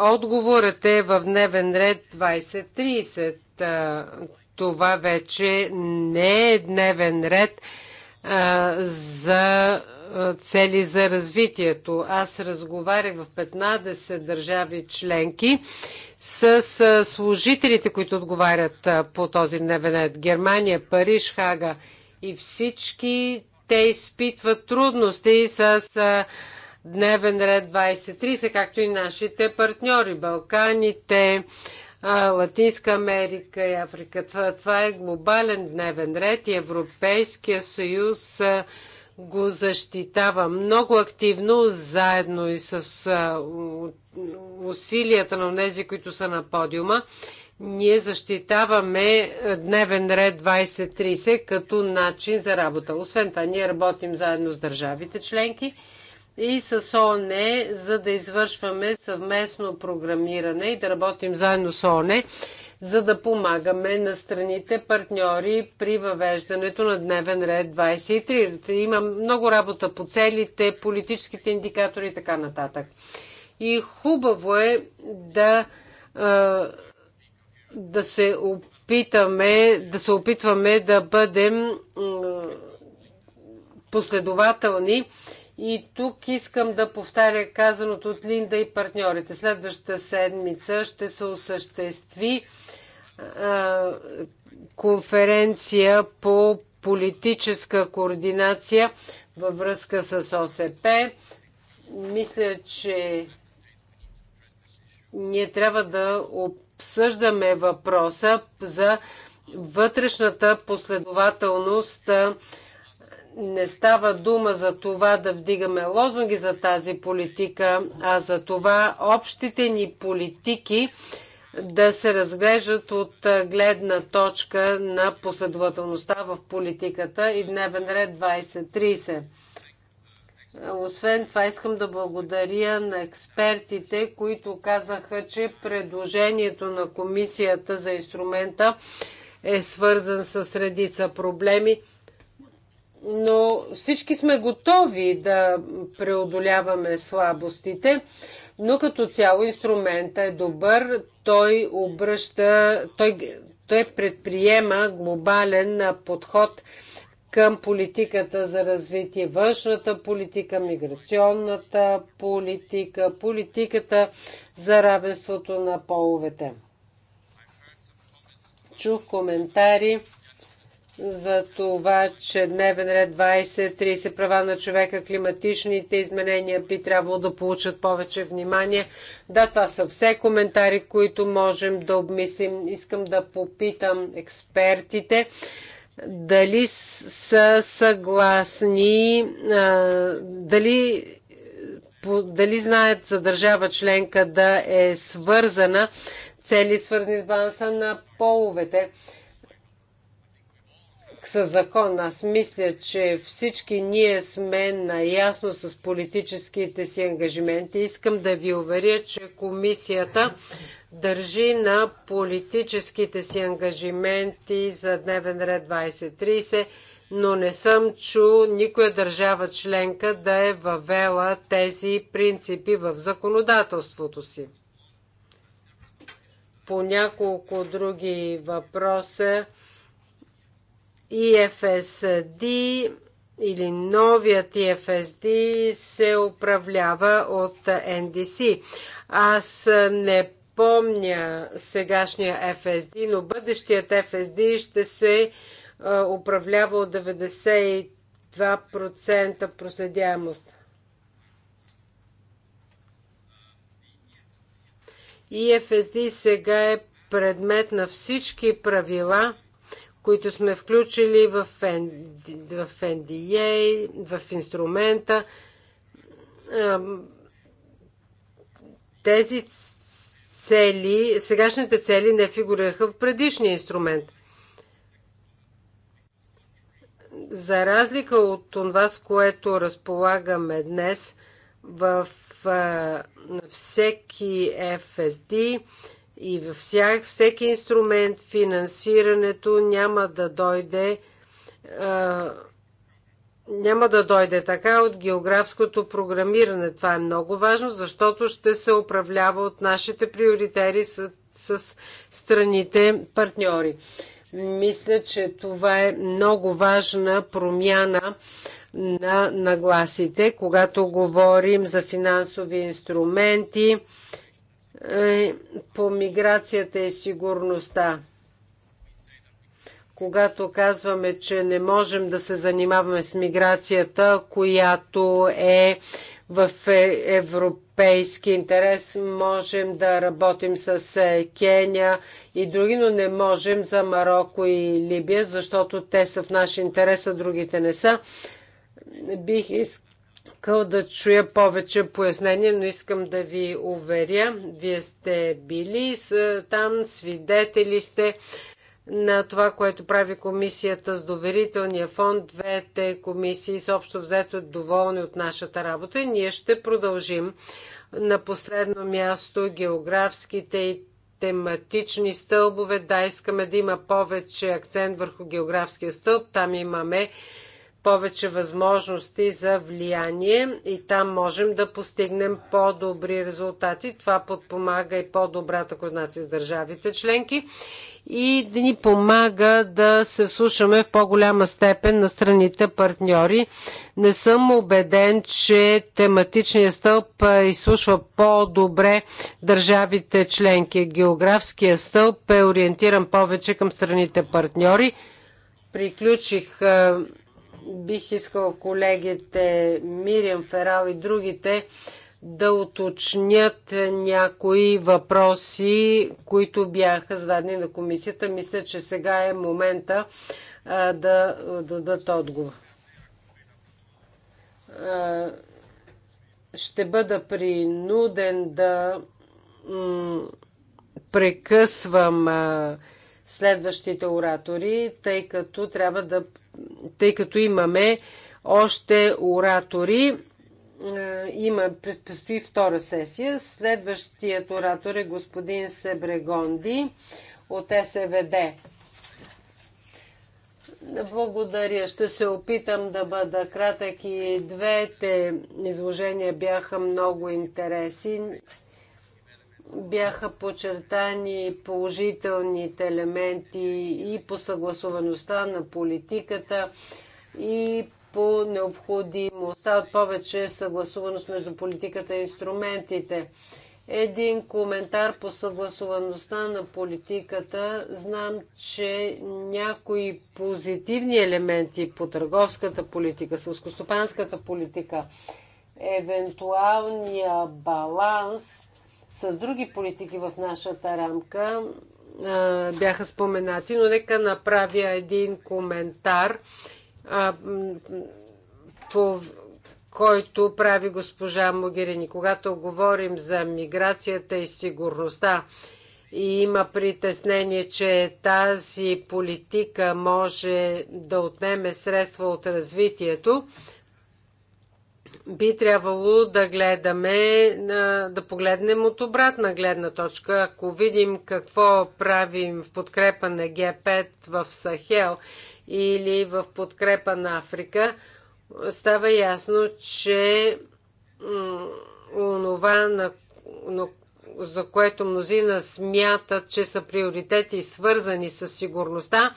Отговорът е в дневен ред 2030. Това вече не е дневен ред за цели за развитието. Аз разговарях в 15 държави членки с служителите, които отговарят по този дневен ред. Германия, Париж, Хага – и всички те изпитват трудности с дневен ред 23, както и нашите партньори, Балканите, Латинска Америка и Африка. Това е глобален дневен ред и Европейския съюз го защитава много активно, заедно и с усилията на тези, които са на подиума. Ние защитаваме е, дневен ред 2030 като начин за работа. Освен това, ние работим заедно с държавите членки и с ООН, за да извършваме съвместно програмиране и да работим заедно с ООН, за да помагаме на страните партньори при въвеждането на дневен ред 23. Има много работа по целите, политическите индикатори и така нататък. И хубаво е да е, да се опитаме да се опитваме да бъдем последователни. И тук искам да повтаря казаното от Линда и партньорите. Следващата седмица ще се осъществи конференция по политическа координация във връзка с ОСП. Мисля, че ние трябва да обсъждаме въпроса за вътрешната последователност. Не става дума за това да вдигаме лозунги за тази политика, а за това общите ни политики да се разглеждат от гледна точка на последователността в политиката и дневен ред 2030. Освен това искам да благодаря на експертите, които казаха, че предложението на комисията за инструмента е свързан с редица проблеми. Но всички сме готови да преодоляваме слабостите, но като цяло инструмента е добър. Той обръща, той, той предприема глобален подход – към политиката за развитие, външната политика, миграционната политика, политиката за равенството на половете. Чух коментари за това, че дневен ред 20-30 права на човека, климатичните изменения би трябвало да получат повече внимание. Да, това са все коментари, които можем да обмислим. Искам да попитам експертите дали са съгласни, дали, дали знаят за държава членка да е свързана цели, свързани с баланса на половете със закон. Аз мисля, че всички ние сме наясно с политическите си ангажименти. Искам да ви уверя, че комисията държи на политическите си ангажименти за дневен ред 2030, но не съм чул никоя държава членка да е въвела тези принципи в законодателството си. По няколко други въпроса ИФСД или новият ИФСД се управлява от НДС. Аз не Помня сегашния ФСД, но бъдещият ФСД ще се управлява от 92% проследяемост. И ФСД сега е предмет на всички правила, които сме включили в, в NDA, в инструмента. Тези цели, сегашните цели не фигурираха в предишния инструмент. За разлика от това, с което разполагаме днес, в всеки FSD и във всяк, всеки инструмент финансирането няма да дойде а, няма да дойде така от географското програмиране. Това е много важно, защото ще се управлява от нашите приоритери с, с страните партньори. Мисля, че това е много важна промяна на нагласите, когато говорим за финансови инструменти е, по миграцията и сигурността когато казваме, че не можем да се занимаваме с миграцията, която е в е, европейски интерес. Можем да работим с е, Кения и други, но не можем за Марокко и Либия, защото те са в наш интерес, а другите не са. Бих искал да чуя повече пояснения, но искам да ви уверя. Вие сте били там, свидетели сте на това, което прави комисията с доверителния фонд. Двете комисии са общо взето доволни от нашата работа и ние ще продължим. На последно място географските и тематични стълбове. Да, искаме да има повече акцент върху географския стълб. Там имаме повече възможности за влияние и там можем да постигнем по-добри резултати. Това подпомага и по-добрата координация с държавите членки и да ни помага да се вслушаме в по-голяма степен на страните партньори. Не съм убеден, че тематичният стълб изслушва по-добре държавите членки. Географският стълб е ориентиран повече към страните партньори. Приключих бих искал колегите Мириан Ферал и другите да уточнят някои въпроси, които бяха зададени на комисията. Мисля, че сега е момента а, да, да дадат отговор. А, ще бъда принуден да прекъсвам а, следващите оратори, тъй като трябва да тъй като имаме още оратори. Е, има, предстои втора сесия. Следващият оратор е господин Себрегонди от СВД. Благодаря. Ще се опитам да бъда кратък и двете изложения бяха много интересни бяха подчертани положителните елементи и по съгласуваността на политиката и по необходимостта от повече съгласуваност между политиката и инструментите. Един коментар по съгласуваността на политиката. Знам, че някои позитивни елементи по търговската политика, сълскостопанската политика, евентуалния баланс с други политики в нашата рамка а, бяха споменати, но нека направя един коментар, а, по който прави госпожа Могирини. Когато говорим за миграцията и сигурността, и има притеснение, че тази политика може да отнеме средства от развитието, би трябвало да гледаме, да погледнем от обратна гледна точка. Ако видим какво правим в подкрепа на Г5 в Сахел или в подкрепа на Африка, става ясно, че онова, на, на за което мнозина смятат, че са приоритети свързани с сигурността,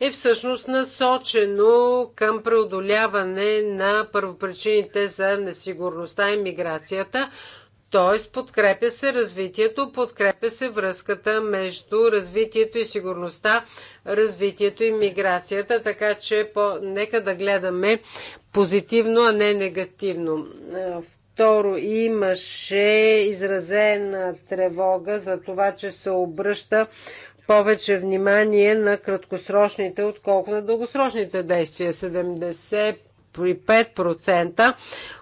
е всъщност насочено към преодоляване на първопричините за несигурността и миграцията, т.е. подкрепя се развитието, подкрепя се връзката между развитието и сигурността, развитието и миграцията, така че по... нека да гледаме позитивно, а не негативно. Е, Второ, имаше изразена тревога за това, че се обръща повече внимание на краткосрочните, отколко на дългосрочните действия. 70 5%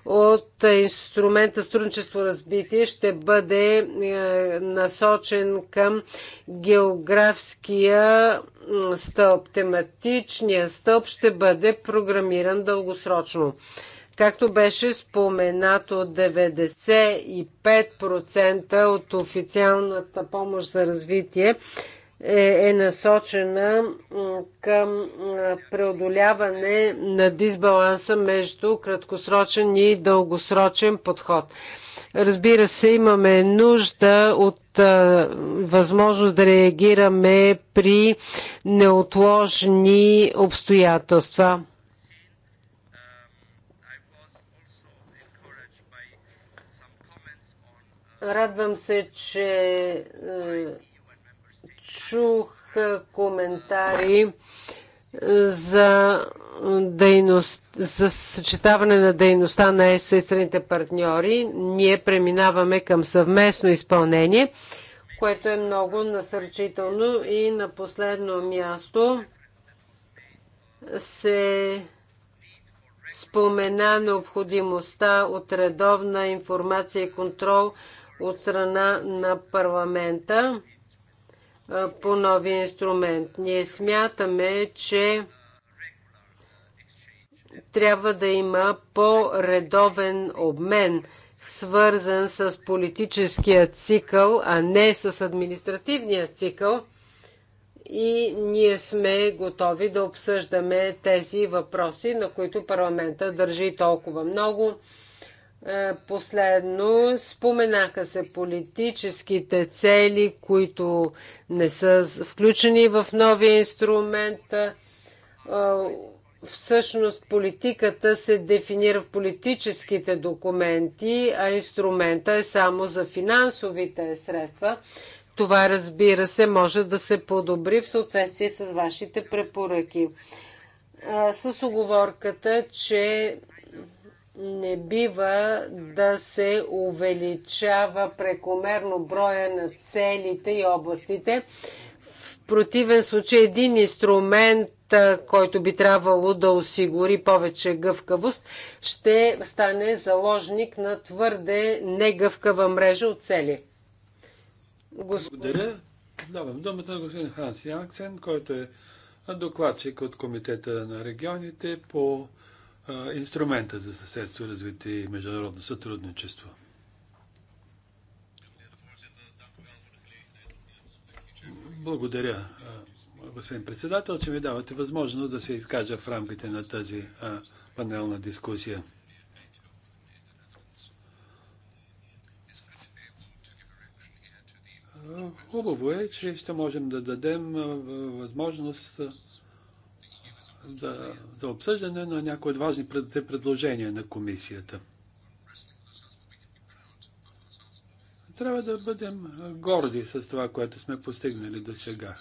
от инструмента Струнчество разбитие ще бъде е, насочен към географския стълб. Тематичният стълб ще бъде програмиран дългосрочно. Както беше споменато, 95% от официалната помощ за развитие е, е насочена към преодоляване на дисбаланса между краткосрочен и дългосрочен подход. Разбира се, имаме нужда от възможност да реагираме при неотложни обстоятелства. Радвам се, че е, чух е, коментари е, за дейност, за съчетаване на дейността на ЕС и страните партньори. Ние преминаваме към съвместно изпълнение, което е много насърчително и на последно място се спомена необходимостта от редовна информация и контрол – от страна на парламента по нови инструмент. Ние смятаме, че трябва да има по-редовен обмен, свързан с политическия цикъл, а не с административния цикъл. И ние сме готови да обсъждаме тези въпроси, на които парламента държи толкова много. Е, последно споменаха се политическите цели, които не са включени в новия инструмент. Е, всъщност политиката се дефинира в политическите документи, а инструмента е само за финансовите средства. Това, разбира се, може да се подобри в съответствие с вашите препоръки. Е, с оговорката, че не бива да се увеличава прекомерно броя на целите и областите. В противен случай един инструмент, който би трябвало да осигури повече гъвкавост, ще стане заложник на твърде негъвкава мрежа от цели. Господ... Благодаря. Давам думата на господин Ханс Янксен, който е докладчик от Комитета на регионите по инструмента за съседство, развитие и международно сътрудничество. Благодаря, господин председател, че ми давате възможност да се изкажа в рамките на тази панелна дискусия. Хубаво е, че ще можем да дадем възможност за, за обсъждане на някои от важни предложения на комисията. Трябва да бъдем горди с това, което сме постигнали до сега.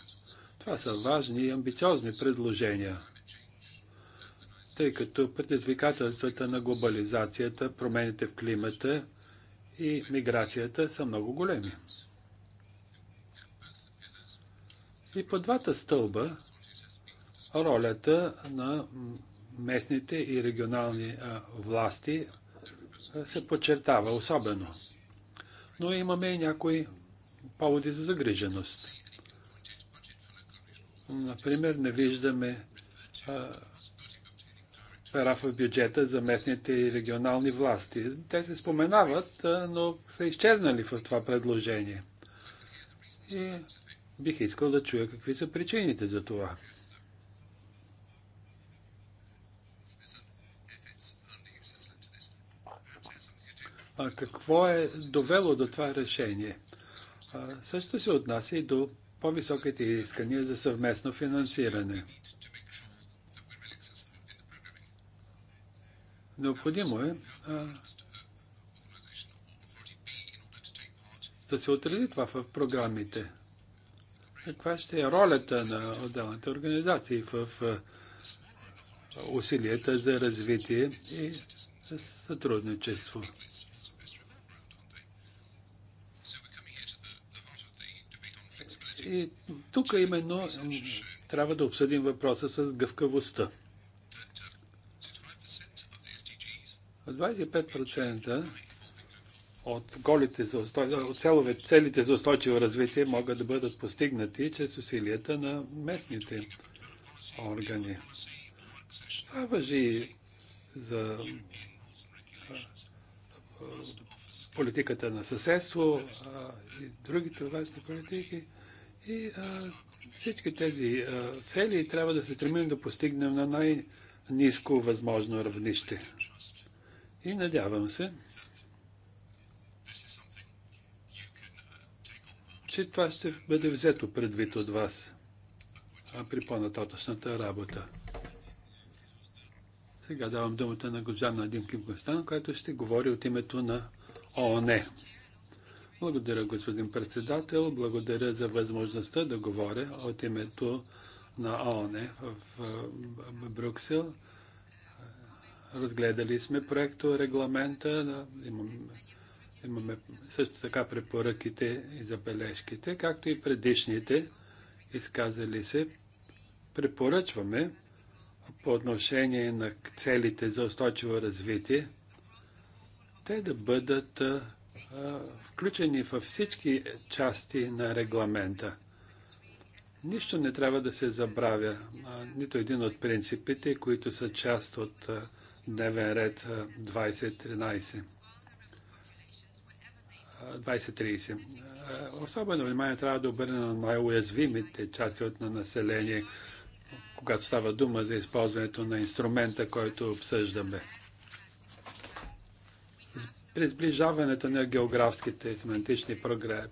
Това са важни и амбициозни предложения, тъй като предизвикателствата на глобализацията, промените в климата и миграцията са много големи. И по двата стълба ролята на местните и регионални власти се подчертава особено. Но имаме и някои поводи за загриженост. Например, не виждаме пера в бюджета за местните и регионални власти. Те се споменават, но са изчезнали в това предложение. И бих искал да чуя какви са причините за това. а, какво е довело до това решение. А, също се отнася и до по-високите искания за съвместно финансиране. Необходимо е а, да се отрази това в програмите. Каква ще е ролята на отделните организации в усилията за развитие и сътрудничество? И тук именно трябва да обсъдим въпроса с гъвкавостта. 25% от голите за устой... от целове, целите за устойчиво развитие могат да бъдат постигнати чрез усилията на местните органи. Това въжи за политиката на съседство а, и другите важни политики. И а, всички тези а, цели трябва да се стремим да постигнем на най-низко възможно равнище. И надявам се, че това ще бъде взето предвид от вас а при по-нататъчната работа. Сега давам думата на Годжана Димкин Констан, която ще говори от името на ООН. Благодаря, господин председател. Благодаря за възможността да говоря от името на ООН в Брюксел. Разгледали сме проекто регламента. Имаме, имаме също така препоръките и забележките, както и предишните изказали се. Препоръчваме по отношение на целите за устойчиво развитие те да бъдат включени във всички части на регламента. Нищо не трябва да се забравя, нито един от принципите, които са част от дневен ред 2013. 2030. Особено внимание трябва да обърне на най-уязвимите части от на население, когато става дума за използването на инструмента, който обсъждаме при сближаването на географските семантични програми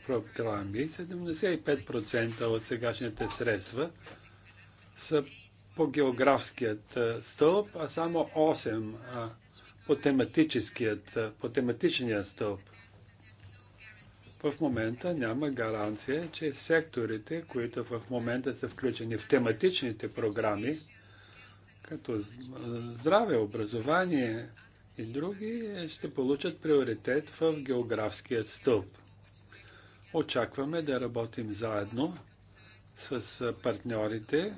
75% от сегашните средства са по географският стълб, а само 8% по, тематическият, по тематичния стълб. В момента няма гаранция, че секторите, които в момента са включени в тематичните програми, като здраве, образование, и други ще получат приоритет в географският стълб. Очакваме да работим заедно с партньорите,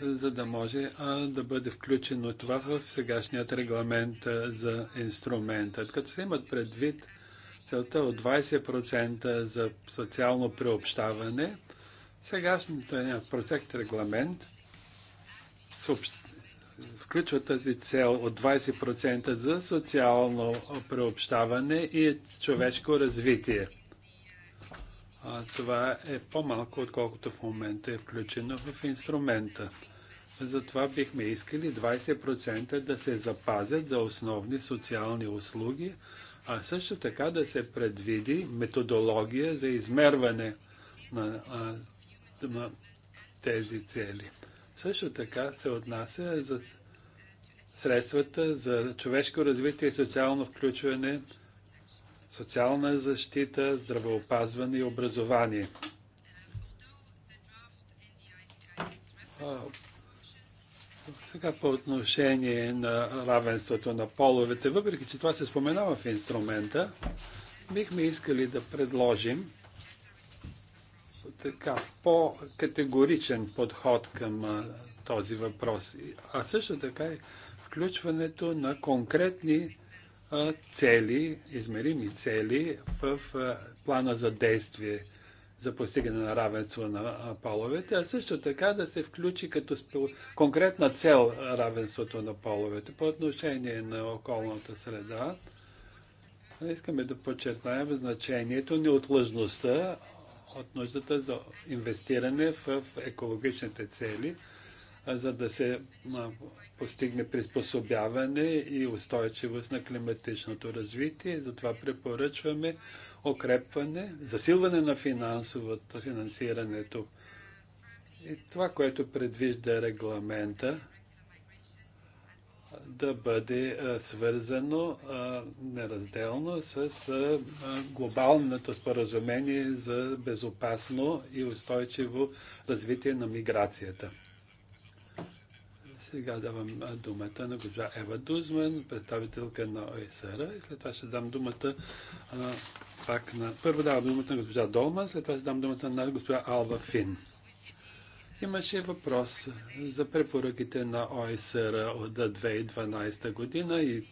за да може да бъде включено това в сегашният регламент за инструментът. Като се имат предвид целта от 20% за социално преобщаване, сегашният процект регламент съобщ включва тази цел от 20% за социално преобщаване и човешко развитие. А, това е по-малко, отколкото в момента е включено в инструмента. Затова бихме искали 20% да се запазят за основни социални услуги, а също така да се предвиди методология за измерване на, на, на тези цели. Също така се отнася за средствата за човешко развитие и социално включване, социална защита, здравеопазване и образование. Сега по отношение на равенството на половете, въпреки че това се споменава в инструмента, бихме искали да предложим така по-категоричен подход към а, този въпрос. А също така и включването на конкретни а, цели, измерими цели в а, плана за действие за постигане на равенство на половете, а също така да се включи като конкретна цел равенството на половете по отношение на околната среда. Искаме да подчертаем значението, неотлъжността от нуждата за инвестиране в екологичните цели, за да се постигне приспособяване и устойчивост на климатичното развитие. Затова препоръчваме укрепване, засилване на финансовото финансирането. И това, което предвижда регламента, да бъде свързано неразделно с глобалното споразумение за безопасно и устойчиво развитие на миграцията. Сега давам думата на госпожа Ева Дузман, представителка на ОСР. И след това ще дам думата а, пак на... Първо давам думата на госпожа Долман, след това ще дам думата на госпожа Алва Фин. Имаше въпрос за препоръките на ОСР от 2012 година и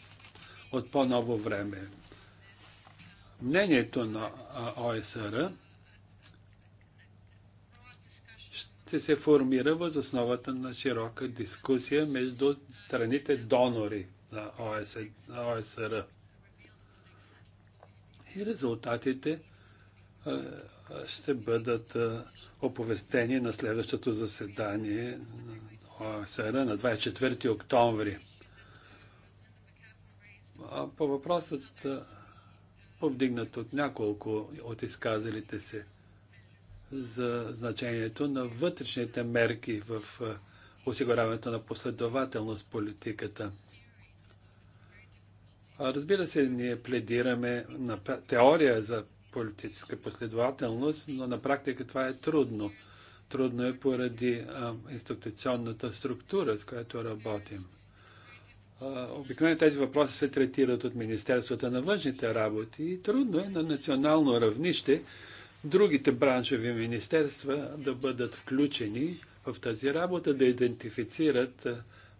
от по-ново време. Мнението на ОСР ще се формира въз основата на широка дискусия между страните донори на ОСР. И резултатите ще бъдат оповестени на следващото заседание на ОСР на 24 октомври. По въпросът, повдигнат от няколко от изказалите се за значението на вътрешните мерки в осигуряването на последователност политиката. Разбира се, ние пледираме на теория за политическа последователност, но на практика това е трудно. Трудно е поради а, институционната структура, с която работим. Обикновено тези въпроси се третират от Министерствата на външните работи и трудно е на национално равнище другите браншови министерства да бъдат включени в тази работа, да идентифицират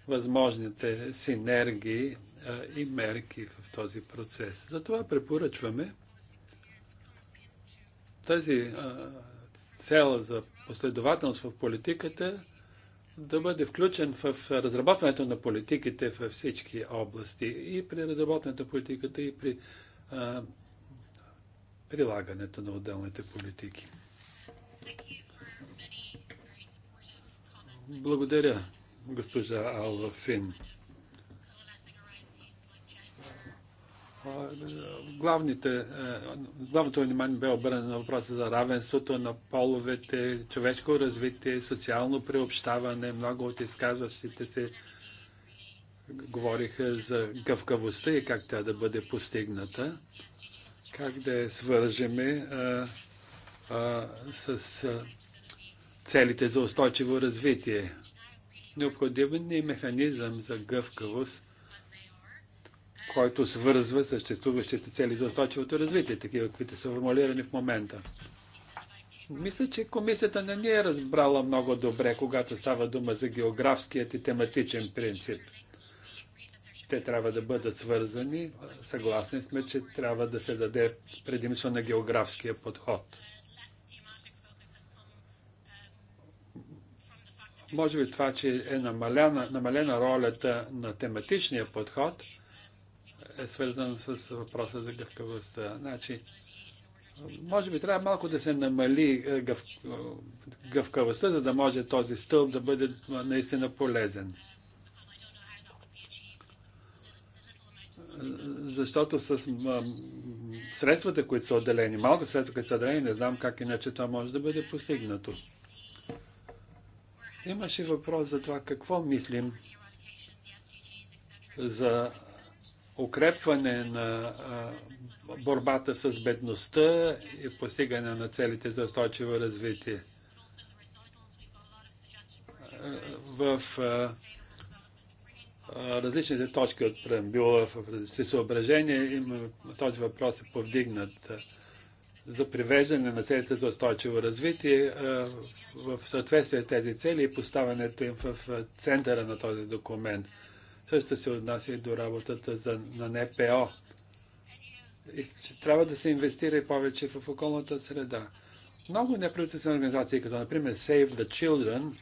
възможните синергии и мерки в този процес. Затова препоръчваме тази цел за последователност в политиката да бъде включен в разработването на политиките във всички области и при разработването на политиката и при а, прилагането на отделните политики. Благодаря, госпожа Алва Фин. главните, е, главното внимание бе обърнено на въпроса за равенството на половете, човешко развитие, социално приобщаване. Много от изказващите се говориха за гъвкавостта и как тя да бъде постигната, как да я свържеме е, е, с а, целите за устойчиво развитие. Необходим е механизъм за гъвкавост, който свързва съществуващите цели за устойчивото развитие, такива каквито са формулирани в момента. Мисля, че комисията не ни е разбрала много добре, когато става дума за географският и тематичен принцип. Те трябва да бъдат свързани. Съгласни сме, че трябва да се даде предимство на географския подход. Може би това, че е намалена, намалена ролята на тематичния подход – е свързан с въпроса за гъвкавостта. Значи, може би трябва малко да се намали е, гъв... Е, гъвкавостта, за да може този стълб да бъде е, наистина полезен. Защото с средствата, които са отделени, малко средства, които са отделени, не знам как иначе това може да бъде постигнато. Имаше въпрос за това какво мислим за укрепване на борбата с бедността и постигане на целите за устойчиво развитие. В различните точки от преамбюла, в различни съображения, има, този въпрос е повдигнат за привеждане на целите за устойчиво развитие в съответствие с тези цели и поставянето им в центъра на този документ – също се отнася и до работата за, на НПО. И, че трябва да се инвестира и повече в околната среда. Много неправителствени организации, като например Save the Children,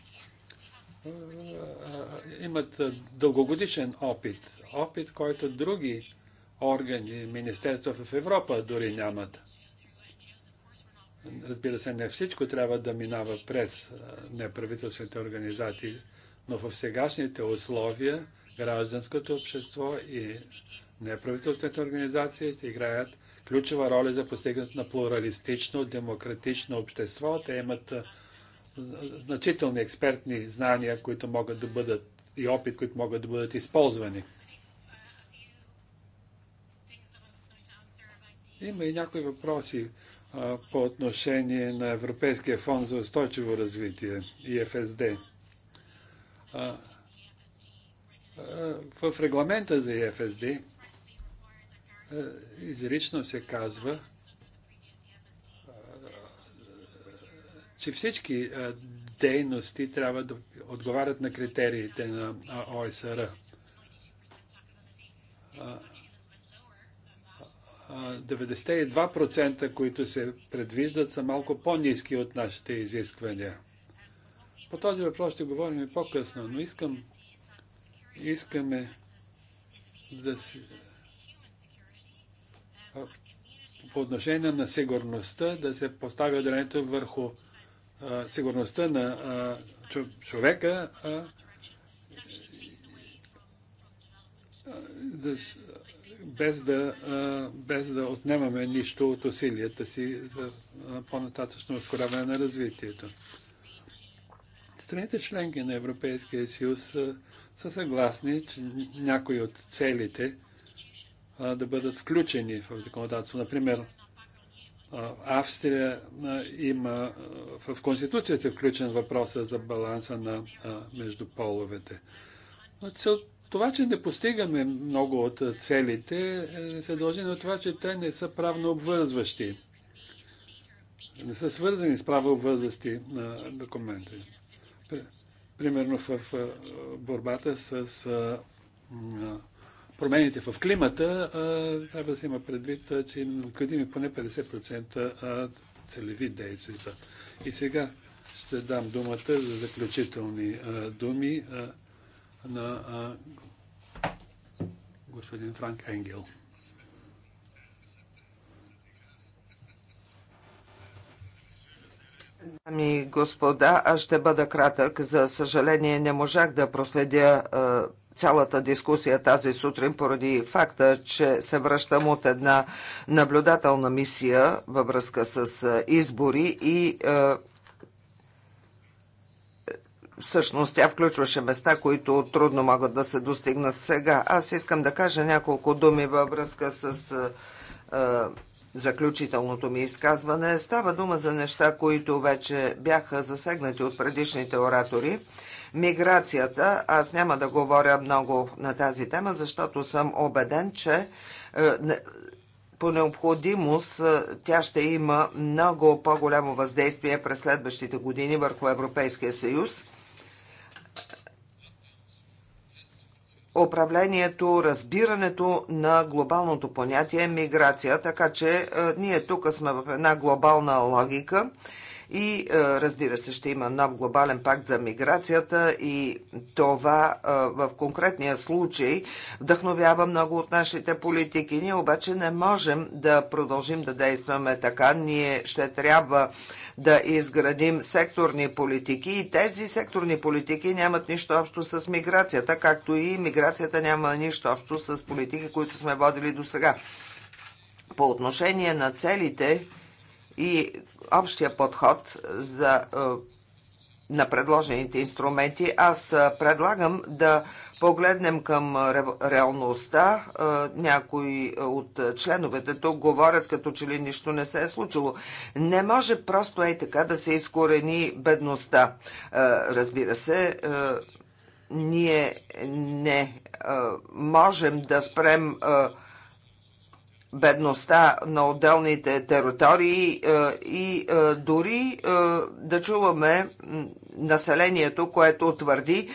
имат дългогодишен опит. Опит, който други органи, министерства в Европа дори нямат. Разбира се, не всичко трябва да минава през неправителствените организации, но в сегашните условия гражданското общество и неправителствените организации ще играят ключова роля за постигането на плуралистично, демократично общество. Те имат значителни експертни знания, които могат да бъдат и опит, които могат да бъдат използвани. Има и някои въпроси а, по отношение на Европейския фонд за устойчиво развитие и ФСД. А, в регламента за ЕФСД изрично се казва, че всички дейности трябва да отговарят на критериите на ОСР. 92%, които се предвиждат, са малко по-низки от нашите изисквания. По този въпрос ще говорим и по-късно, но искам искаме да си, по отношение на сигурността, да се поставя отделението върху а, сигурността на а, човека, а, да, без, да, а, без да отнемаме нищо от усилията си за по-нататъчно ускоряване на развитието. Страните членки на Европейския съюз са съгласни, че някои от целите а, да бъдат включени в законодателство. Например, Австрия има в Конституцията е включен въпроса за баланса на а, между половете. Цел, това, че не постигаме много от целите, е, се дължи на това, че те не са правно обвързващи. Не са свързани с право обвързващи документи примерно в борбата с промените в климата, трябва да се има предвид, че има необходими поне 50% целеви действия. И сега ще дам думата за заключителни думи на господин Франк Енгел. Ами, господа, аз ще бъда кратък. За съжаление, не можах да проследя е, цялата дискусия тази сутрин поради факта, че се връщам от една наблюдателна мисия във връзка с е, избори и е, всъщност тя включваше места, които трудно могат да се достигнат сега. Аз искам да кажа няколко думи във връзка с А, заключителното ми изказване. Става дума за неща, които вече бяха засегнати от предишните оратори. Миграцията, аз няма да говоря много на тази тема, защото съм убеден, че е, по необходимост е, тя ще има много по-голямо въздействие през следващите години върху Европейския съюз. управлението, разбирането на глобалното понятие миграция. Така че е, ние тук сме в една глобална логика и е, разбира се ще има нов глобален пакт за миграцията и това е, в конкретния случай вдъхновява много от нашите политики. Ние обаче не можем да продължим да действаме така. Ние ще трябва да изградим секторни политики и тези секторни политики нямат нищо общо с миграцията, както и миграцията няма нищо общо с политики, които сме водили до сега. По отношение на целите и общия подход за е, на предложените инструменти, аз е, предлагам да погледнем към реалността, някои от членовете тук говорят като че ли нищо не се е случило. Не може просто ей така да се изкорени бедността. Разбира се, ние не можем да спрем бедността, бедността на отделните територии е, и е, дори е, да чуваме населението, което твърди,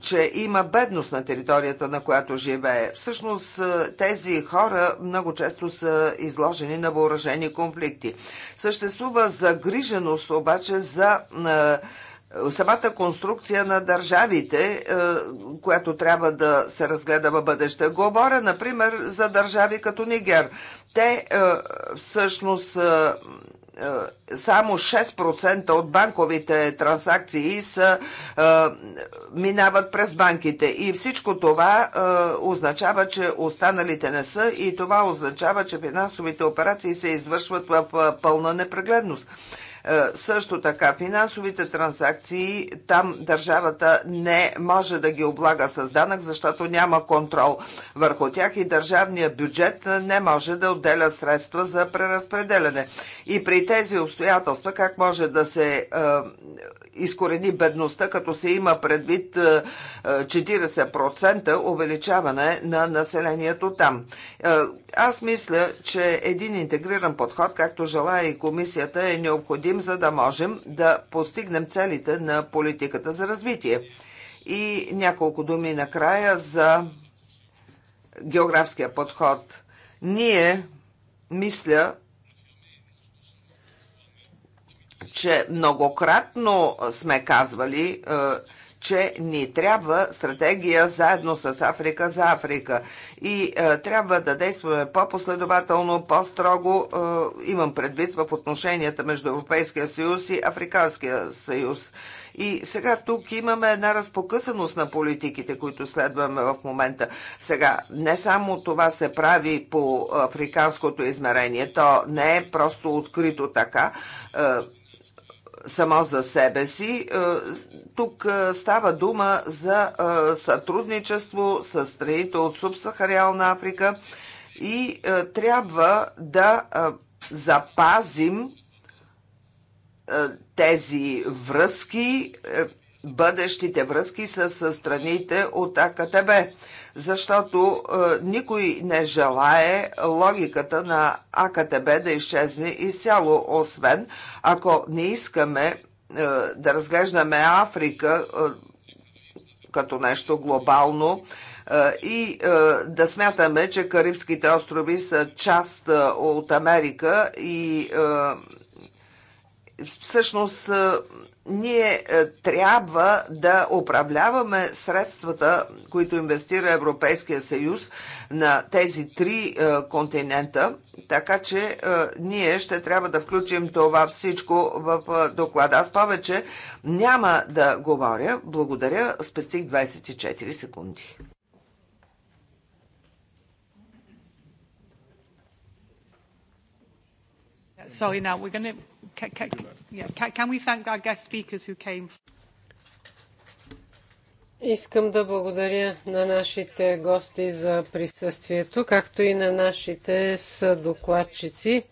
че има бедност на територията, на която живее. Всъщност тези хора много често са изложени на въоръжени конфликти. Съществува загриженост обаче за самата конструкция на държавите, е, която трябва да се разгледа в бъдеще. Говоря, например, за държави като Нигер. Те е, всъщност е, само 6% от банковите транзакции са, минават през банките. И всичко това означава, че останалите не са и това означава, че финансовите операции се извършват в пълна непрегледност. Е, също така, финансовите транзакции, там държавата не може да ги облага с данък, защото няма контрол върху тях и държавният бюджет не може да отделя средства за преразпределяне. И при тези обстоятелства, как може да се е, изкорени бедността, като се има предвид 40% е, увеличаване на населението там. Аз мисля, че един интегриран подход, както желая и комисията, е необходим, за да можем да постигнем целите на политиката за развитие. И няколко думи накрая за географския подход. Ние, мисля, че многократно сме казвали, е, че ни трябва стратегия заедно с Африка за Африка. И е, трябва да действаме по-последователно, по-строго, е, имам предвид в отношенията между Европейския съюз и Африканския съюз. И сега тук имаме една разпокъсаност на политиките, които следваме в момента. Сега, не само това се прави по африканското измерение, то не е просто открито така. Е, само за себе си. Е, тук е, става дума за е, сътрудничество с страните от Субсахариална Африка и трябва да запазим тези връзки, бъдещите връзки с страните от АКТБ защото е, никой не желае логиката на АКТБ да изчезне изцяло, освен ако не искаме е, да разглеждаме Африка е, като нещо глобално е, и е, да смятаме, че Карибските острови са част е, от Америка и всъщност ние е, трябва да управляваме средствата, които инвестира Европейския съюз на тези три е, континента, така че е, ние ще трябва да включим това всичко в доклада. Аз повече няма да говоря. Благодаря. Спестих 24 секунди. Sorry, now we're going to Искам да благодаря на нашите гости за присъствието, както и на нашите съдокладчици.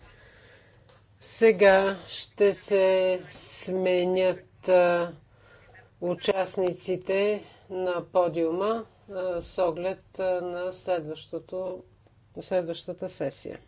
Сега ще се сменят участниците на подиума с оглед на следващата сесия.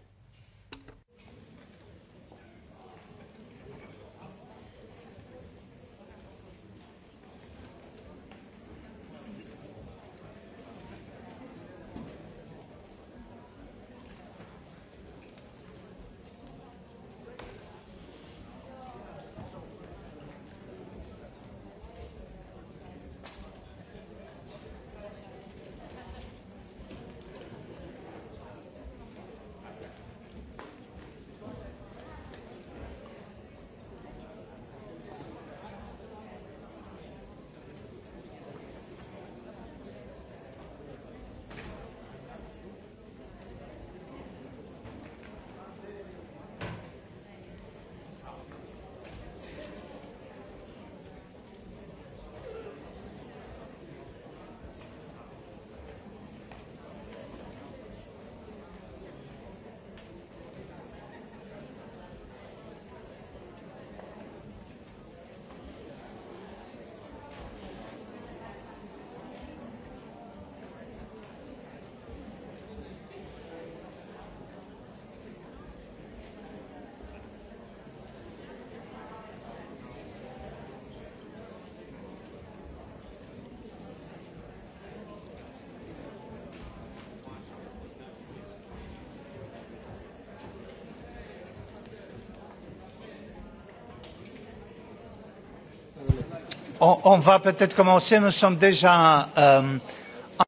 on, va peut-être commencer, nous sommes déjà... Euh,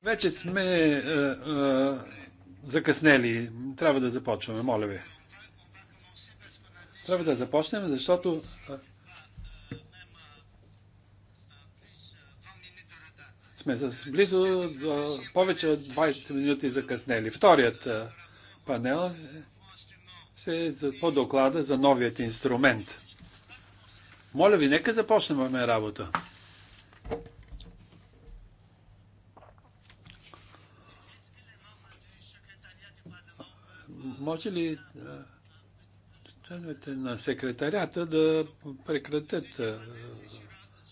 Вече сме е, е, закъснели. Трябва да започваме, моля ви. Трябва да започнем, защото е, сме с близо до повече от 20 минути закъснели. Вторият панел е по доклада за новият инструмент. Моля ви, нека започнем работа. Може ли членовете на секретарята да прекратят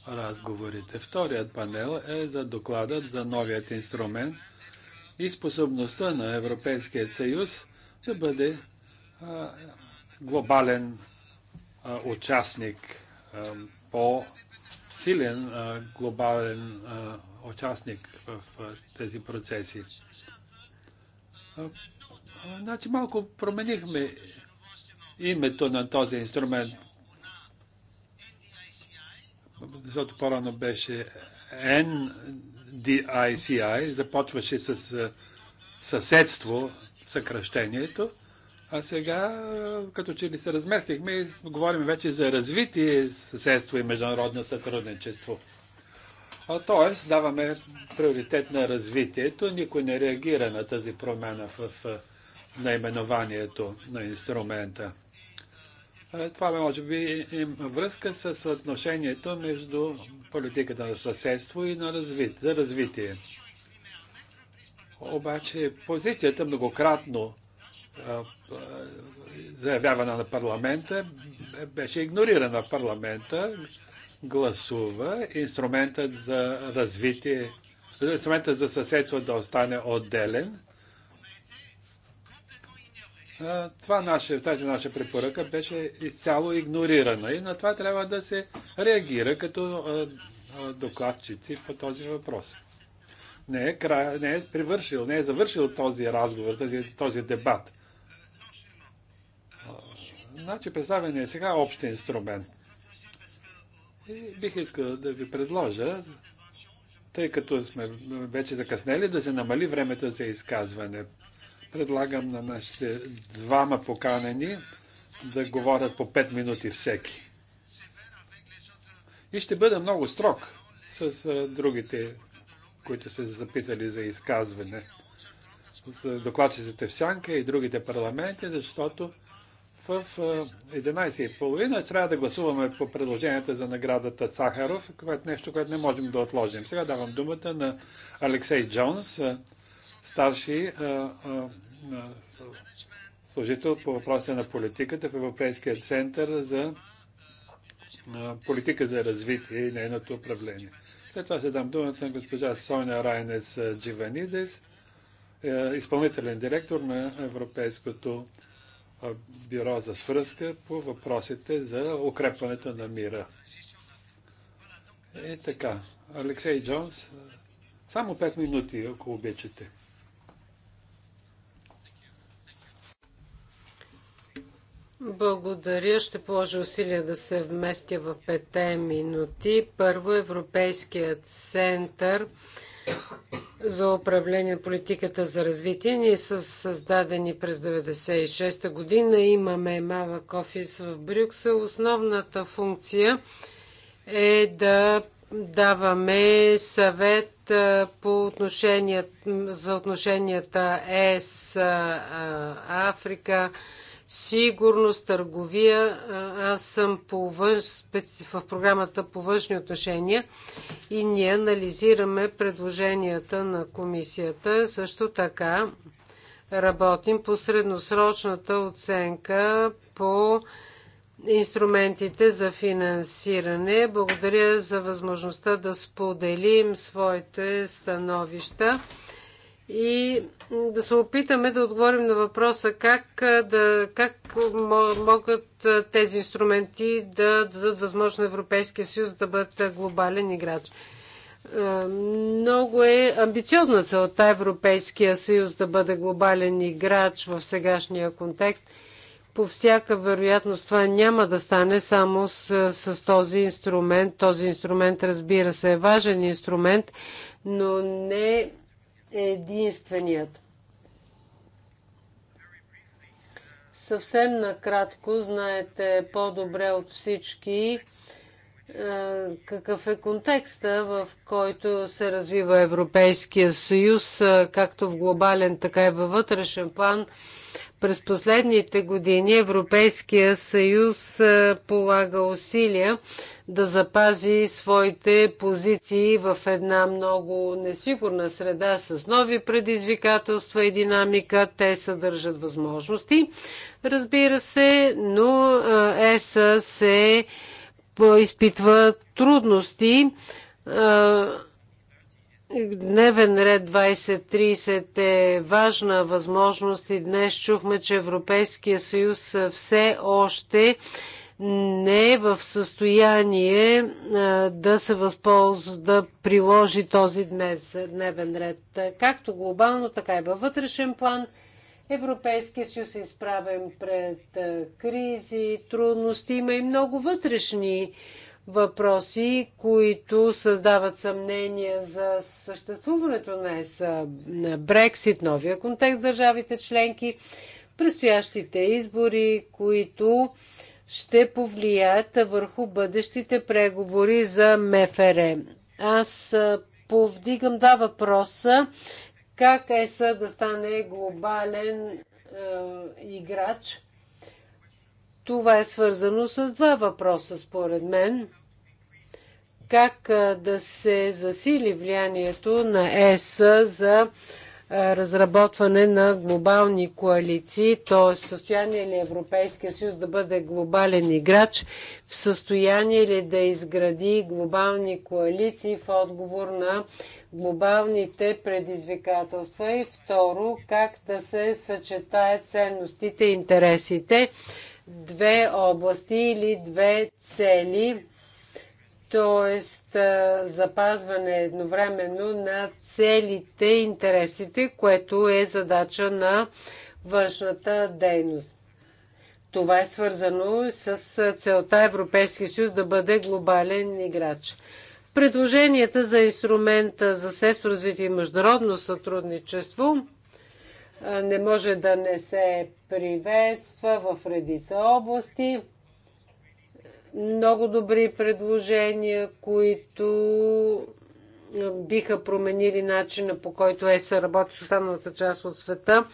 разговорите? Вторият панел е за докладът за новият инструмент и способността на Европейския съюз да бъде глобален участник, по-силен глобален участник в тези процеси. Значи малко променихме името на този инструмент. Защото по-рано беше NDICI, започваше с съседство, съкръщението, а сега като че ли се разместихме и говорим вече за развитие, съседство и международно сътрудничество. А, тоест, даваме приоритет на развитието. Никой не реагира на тази промяна в, в наименованието на инструмента. Е, това може би има връзка с отношението между политиката на съседство и на развит, за развитие. Обаче позицията многократно заявявана на парламента беше игнорирана. Парламента гласува инструментът за развитие, инструментът за съседство да остане отделен това наше, тази наша препоръка беше изцяло игнорирана и на това трябва да се реагира като докладчици по този въпрос. Не е, край, не е привършил, не е завършил този разговор, този, този дебат. Значи представяне е сега общ инструмент. И бих искал да ви предложа, тъй като сме вече закъснели, да се намали времето за изказване. Предлагам на нашите двама поканени да говорят по 5 минути всеки. И ще бъда много строг с другите, които са записали за изказване. С докладчиците в Сянка и другите парламенти, защото в 11.30 трябва да гласуваме по предложенията за наградата Сахаров, което е нещо, което не можем да отложим. Сега давам думата на Алексей Джонс, старши а, а, служител по въпроса на политиката в Европейския център за а, политика за развитие и нейното управление. След това ще дам думата на госпожа Соня Райнес Дживанидес, е, изпълнителен директор на Европейското бюро за свръзка по въпросите за укрепването на мира. И така, Алексей Джонс, само 5 минути, ако обичате. Благодаря. Ще положа усилия да се вместя в пете минути. Първо, Европейският център за управление на политиката за развитие. Ние са създадени през 1996 година. Имаме малък офис в Брюксел. Основната функция е да даваме съвет по отношения, за отношенията ЕС, Африка, сигурност, търговия. Аз съм по външ, в програмата по външни отношения и ние анализираме предложенията на комисията. Също така работим по средносрочната оценка по инструментите за финансиране. Благодаря за възможността да споделим своите становища и да се опитаме да отговорим на въпроса как, да, как могат тези инструменти да дадат възможност на Европейския съюз да бъдат глобален играч. Много е амбициозна целта Европейския съюз да бъде глобален играч в сегашния контекст. По всяка вероятност това няма да стане само с, с този инструмент. Този инструмент, разбира се, е важен инструмент, но не единственият. Съвсем накратко, знаете по-добре от всички е, какъв е контекста, в който се развива Европейския съюз, е, както в глобален, така и във вътрешен план. През последните години Европейския съюз е, полага усилия да запази своите позиции в една много несигурна среда с нови предизвикателства и динамика. Те съдържат възможности, разбира се, но е, ЕСА се е, изпитва трудности Дневен ред 2030 е важна възможност и днес чухме, че Европейския съюз все още не е в състояние е, да се възползва, да приложи този днес дневен ред. Както глобално, така и във вътрешен план. Европейския съюз е изправен пред е, кризи, трудности, има и много вътрешни въпроси, които създават съмнения за съществуването на ЕС, на Брексит, новия контекст държавите членки, предстоящите избори, които ще повлияят върху бъдещите преговори за МФР. Аз повдигам два въпроса. Как ЕС да стане глобален е, играч? Това е свързано с два въпроса, според мен. Как да се засили влиянието на ЕС за разработване на глобални коалиции, т.е. състояние ли Европейския съюз да бъде глобален играч, в състояние ли да изгради глобални коалиции в отговор на глобалните предизвикателства и второ, как да се съчетаят ценностите и интересите две области или две цели, т.е. запазване едновременно на целите и интересите, което е задача на външната дейност. Това е свързано с целта Европейския съюз да бъде глобален играч. Предложенията за инструмента за сесто развитие и международно сътрудничество не може да не се приветства в редица области. Много добри предложения, които биха променили начина по който ЕС работи с останалата част от света,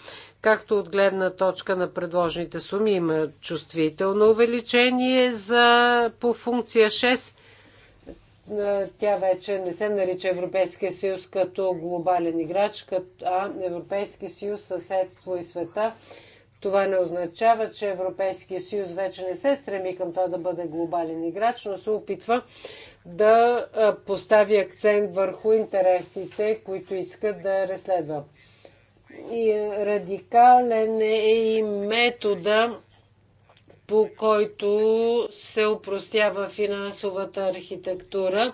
както от гледна точка на предложените суми има чувствително увеличение за, по функция 6 е, тя вече не се нарича Европейския съюз като глобален играч, а Европейски съюз, съседство и света. Това не означава, че Европейския съюз вече не се стреми към това да бъде глобален играч, но се опитва да е, постави акцент върху интересите, които иска да разследва. И е, радикален е и метода по който се упростява финансовата архитектура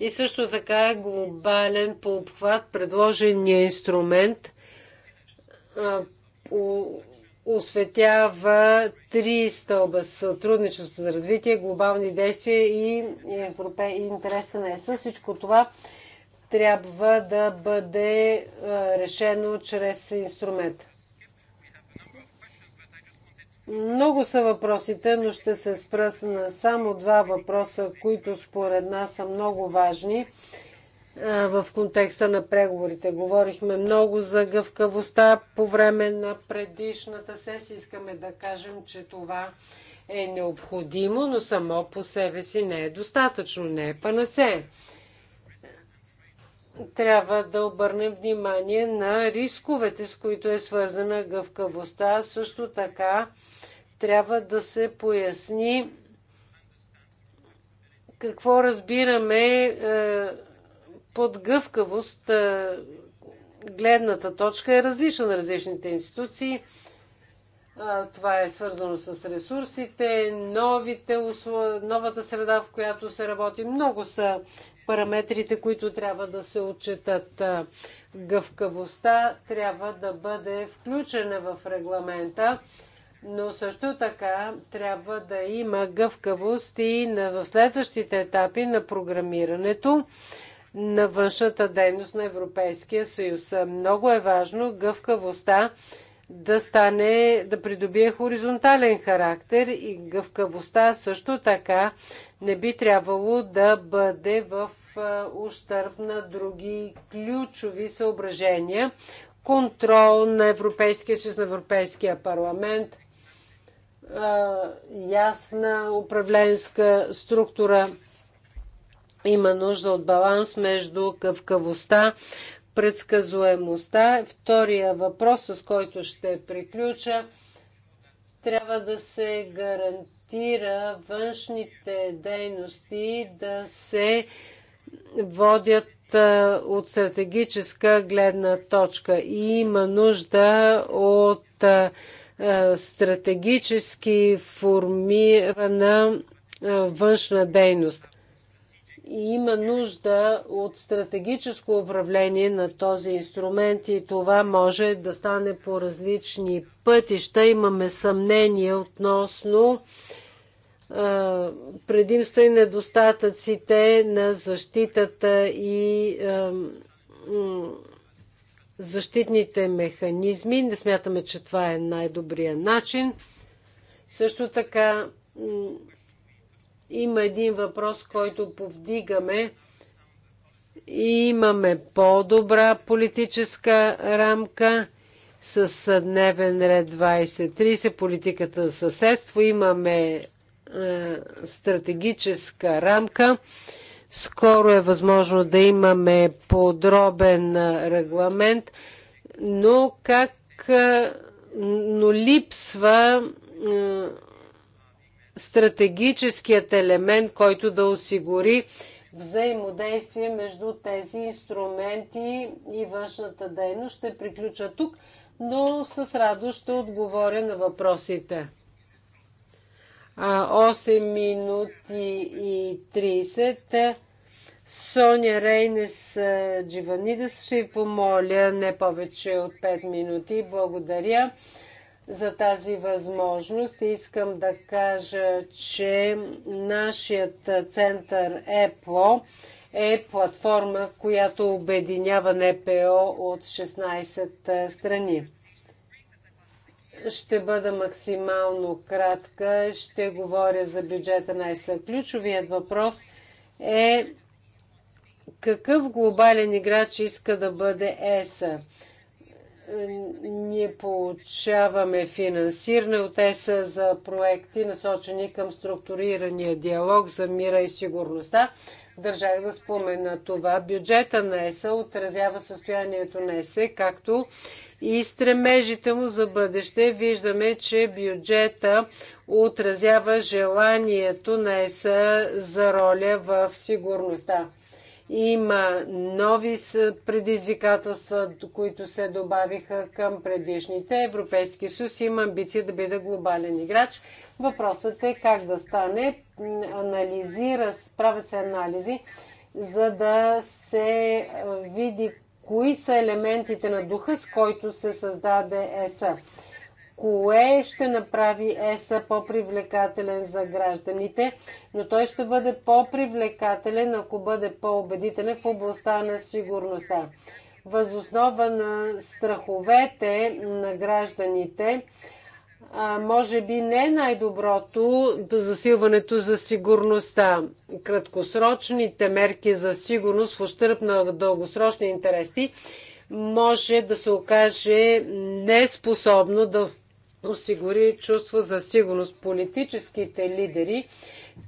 и също така е глобален по обхват предложения инструмент осветява три стълба сътрудничество за развитие, глобални действия и, европе... и интереса на ЕС. Всичко това трябва да бъде решено чрез инструмент. Много са въпросите, но ще се спра на само два въпроса, които според нас са много важни в контекста на преговорите. Говорихме много за гъвкавостта по време на предишната сесия. Искаме да кажем, че това е необходимо, но само по себе си не е достатъчно, не е панаце. Трябва да обърнем внимание на рисковете, с които е свързана гъвкавостта, също така трябва да се поясни какво разбираме е, под гъвкавост. Е, гледната точка е различна на различните институции. Е, това е свързано с ресурсите, новите услов... новата среда, в която се работи. Много са параметрите, които трябва да се отчетат. Гъвкавостта трябва да бъде включена в регламента но също така трябва да има гъвкавост и на, в следващите етапи на програмирането на външната дейност на Европейския съюз. Много е важно гъвкавостта да стане, да придобие хоризонтален характер и гъвкавостта също така не би трябвало да бъде в ущърп на други ключови съображения. Контрол на Европейския съюз, на Европейския парламент, ясна управленска структура. Има нужда от баланс между къвкавостта, предсказуемостта. Втория въпрос, с който ще приключа, трябва да се гарантира външните дейности да се водят от стратегическа гледна точка и има нужда от е, стратегически формирана е, външна дейност. И има нужда от стратегическо управление на този инструмент и това може да стане по различни пътища. Имаме съмнение относно е, предимства и недостатъците на защитата и защитните механизми. Не смятаме, че това е най-добрия начин. Също така има един въпрос, който повдигаме. Имаме по-добра политическа рамка с дневен ред 2030, политиката за съседство. Имаме е, стратегическа рамка. Скоро е възможно да имаме подробен регламент, но как но липсва стратегическият елемент, който да осигури взаимодействие между тези инструменти и външната дейност. Ще приключа тук, но с радост ще отговоря на въпросите. 8 минути и 30. Соня Рейнес е, Дживанидес. ще ви помоля не повече от 5 минути. Благодаря за тази възможност. Искам да кажа, че нашият център ЕПО е платформа, която обединява НПО от 16 е, страни. Ще бъда максимално кратка. Ще говоря за бюджета най-съключовият въпрос е какъв глобален играч иска да бъде ЕСА. Ние получаваме финансиране от ЕСА за проекти, насочени към структурирания диалог за мира и сигурността. Държах да спомена това. Бюджета на ЕСА отразява състоянието на ЕСА, както и стремежите му за бъдеще. Виждаме, че бюджета отразява желанието на ЕСА за роля в сигурността. Има нови предизвикателства, които се добавиха към предишните. Европейски съюз има амбиция да бъде глобален играч. Въпросът е как да стане. Анализира, правят се анализи, за да се е, види кои са елементите на духа, с който се създаде ЕСА кое ще направи ЕСА по-привлекателен за гражданите, но той ще бъде по-привлекателен, ако бъде по-убедителен в областта на сигурността. Възоснова на страховете на гражданите, а, може би не най-доброто засилването за сигурността. Краткосрочните мерки за сигурност в ущърп на дългосрочни интереси може да се окаже неспособно да осигури чувство за сигурност. Политическите лидери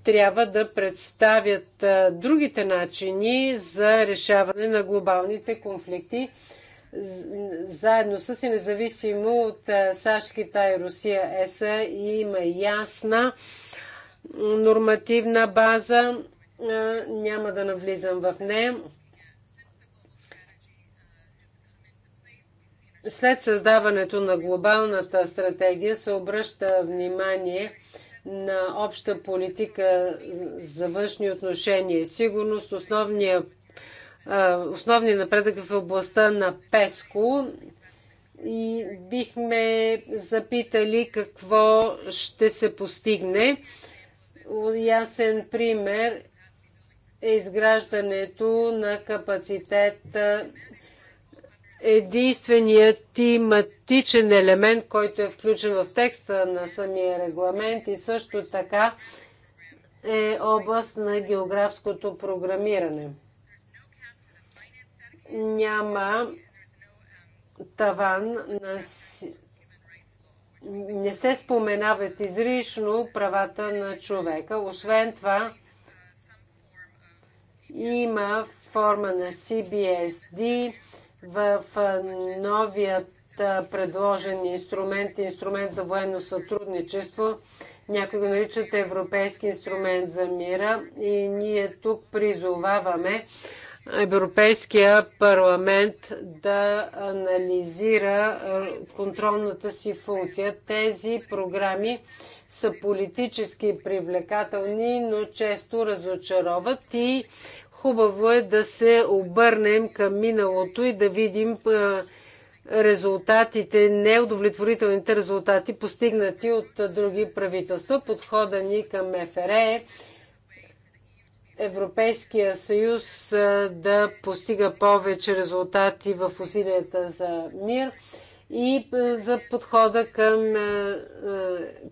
трябва да представят другите начини за решаване на глобалните конфликти заедно с и независимо от САЩ, Китай, Русия, ЕСА има ясна нормативна база. Няма да навлизам в нея. След създаването на глобалната стратегия се обръща внимание на обща политика за външни отношения и сигурност. Основния, основния напредък е в областта на ПЕСКО и бихме запитали какво ще се постигне. Ясен пример е изграждането на капацитета единственият тематичен елемент, който е включен в текста на самия регламент и също така е област на географското програмиране. Няма таван на не се споменават изрично правата на човека. Освен това, има форма на CBSD, в новият предложен инструмент, инструмент за военно сътрудничество. Някои го наричат Европейски инструмент за мира и ние тук призоваваме Европейския парламент да анализира контролната си функция. Тези програми са политически привлекателни, но често разочароват и Хубаво е да се обърнем към миналото и да видим резултатите, неудовлетворителните резултати, постигнати от други правителства. Подхода ни към ФРЕ Европейския съюз да постига повече резултати в усилията за мир и за подхода към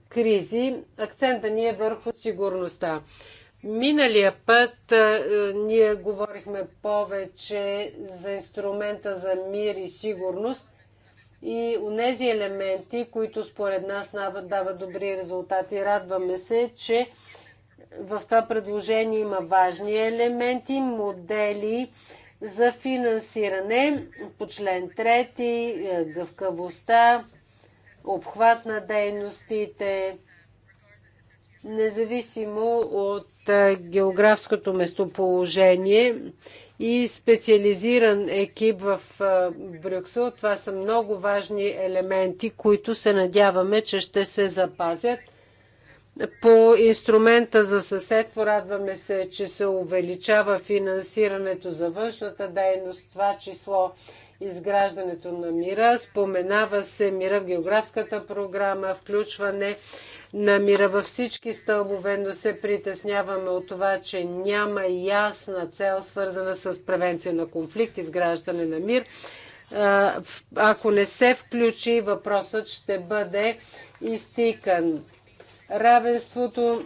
кризи. Акцента ни е върху сигурността. Миналия път а, ние говорихме повече за инструмента за мир и сигурност и онези елементи, които според нас дават добри резултати. Радваме се, че в това предложение има важни елементи, модели за финансиране по член 3, е, гъвкавостта, обхват на дейностите, независимо от географското местоположение и специализиран екип в Брюксел. Това са много важни елементи, които се надяваме, че ще се запазят. По инструмента за съседство радваме се, че се увеличава финансирането за външната дейност, това число изграждането на мира. Споменава се мира в географската програма, включване намира във всички стълбове, но се притесняваме от това, че няма ясна цел, свързана с превенция на конфликт, изграждане на мир. Ако не се включи, въпросът ще бъде изтикан. Равенството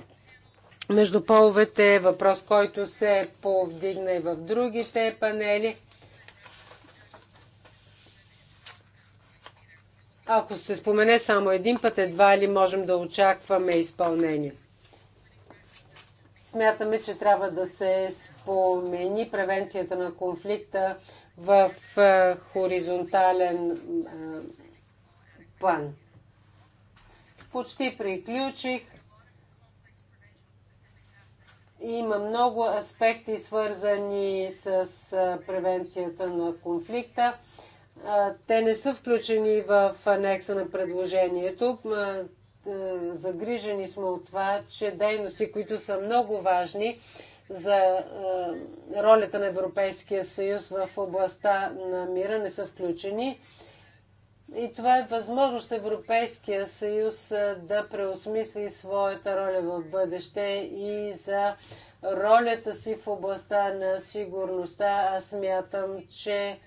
между половете е въпрос, който се повдигна и в другите панели. Ако се спомене само един път, едва ли можем да очакваме изпълнение. Смятаме, че трябва да се спомени превенцията на конфликта в хоризонтален план. Почти приключих. Има много аспекти, свързани с превенцията на конфликта. Те не са включени в анекса на предложението. Загрижени сме от това, че дейности, които са много важни за ролята на Европейския съюз в областта на мира, не са включени. И това е възможност Европейския съюз да преосмисли своята роля в бъдеще и за ролята си в областта на сигурността. Аз мятам, че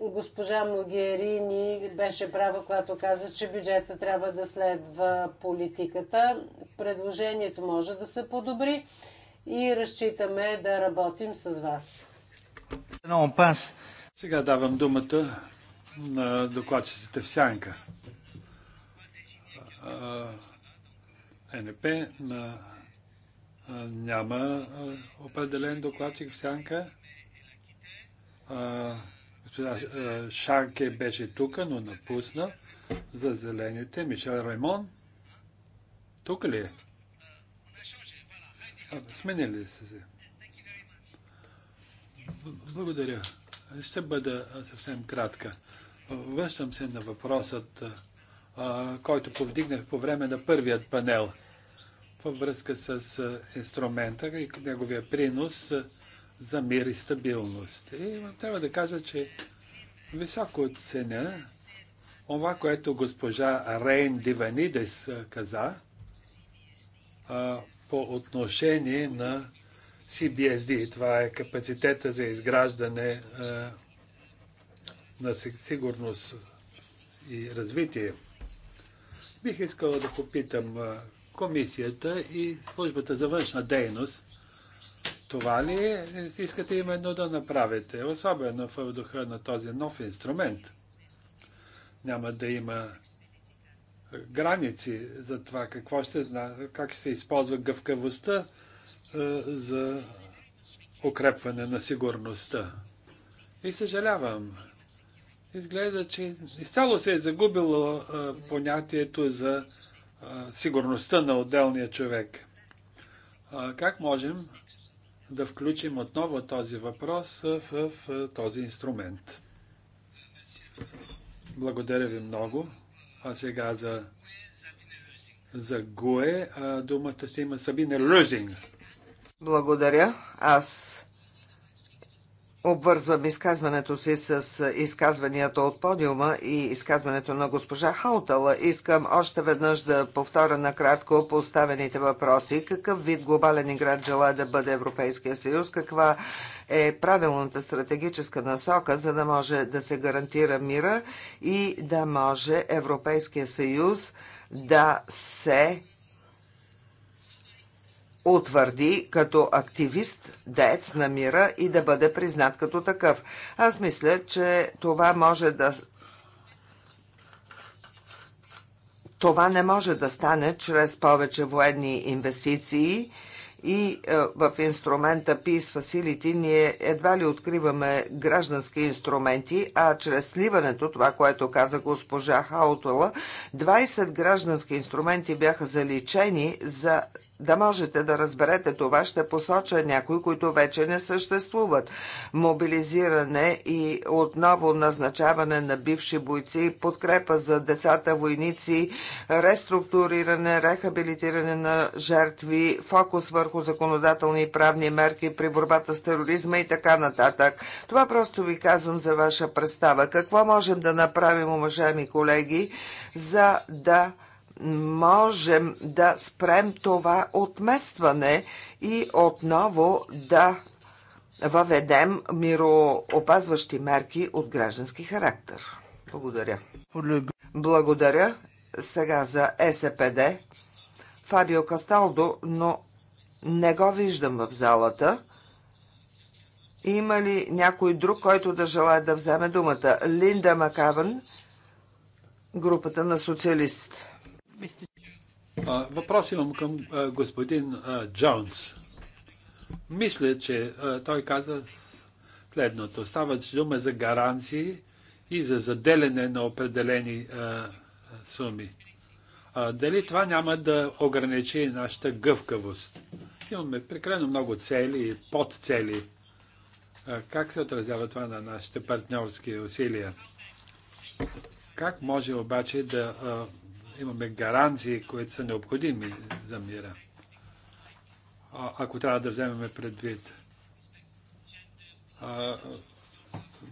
госпожа Могерини беше права, когато каза, че бюджета трябва да следва политиката. Предложението може да се подобри и разчитаме да работим с вас. Сега давам думата на докладчиците в Сянка. НП на няма определен докладчик в Сянка. Госпожа Шанке беше тук, но напусна за зелените. Мишел Раймон. Тук ли е? Сменили ли се. Благодаря. Ще бъда съвсем кратка. Връщам се на въпросът, който повдигнах по време на първият панел във връзка с инструмента и неговия принос за мир и стабилност. И трябва да кажа, че високо ценя това, което госпожа Рейн Диванидес каза а, по отношение на CBSD. Това е капацитета за изграждане а, на сигурност и развитие. Бих искала да попитам комисията и службата за външна дейност това ли искате именно да направите? Особено в духа на този нов инструмент. Няма да има граници за това какво ще зна, как ще се използва гъвкавостта е, за укрепване на сигурността. И съжалявам. Изглежда, че изцяло се е загубило е, понятието за е, сигурността на отделния човек. Как можем да включим отново този въпрос в, в, този инструмент. Благодаря ви много. А сега за, за ГУЕ думата ще има Сабина Лозинг. Благодаря. Аз Обвързвам изказването си с изказванията от подиума и изказването на госпожа Хаутала. Искам още веднъж да повторя накратко поставените въпроси. Какъв вид глобален град желая да бъде Европейския съюз? Каква е правилната стратегическа насока, за да може да се гарантира мира и да може Европейския съюз да се утвърди като активист, дец на мира и да бъде признат като такъв. Аз мисля, че това може да това не може да стане чрез повече военни инвестиции и е, в инструмента Peace Facility ние едва ли откриваме граждански инструменти, а чрез сливането, това, което каза госпожа Хаутула, 20 граждански инструменти бяха заличени за да можете да разберете това, ще посоча някои, които вече не съществуват. Мобилизиране и отново назначаване на бивши бойци, подкрепа за децата войници, реструктуриране, рехабилитиране на жертви, фокус върху законодателни и правни мерки при борбата с тероризма и така нататък. Това просто ви казвам за ваша представа. Какво можем да направим, уважаеми колеги, за да можем да спрем това отместване и отново да въведем мироопазващи мерки от граждански характер. Благодаря. Благодаря сега за СПД. Фабио Касталдо, но не го виждам в залата. Има ли някой друг, който да желая да вземе думата? Линда Макавън, групата на социалистите? Въпрос имам към господин Джонс. Мисля, че той каза следното. Става дума за гаранции и за заделяне на определени суми. Дали това няма да ограничи нашата гъвкавост? Имаме прекалено много цели и подцели. Как се отразява това на нашите партньорски усилия? Как може обаче да имаме гаранции, които са необходими за мира. А, ако трябва да вземем предвид а,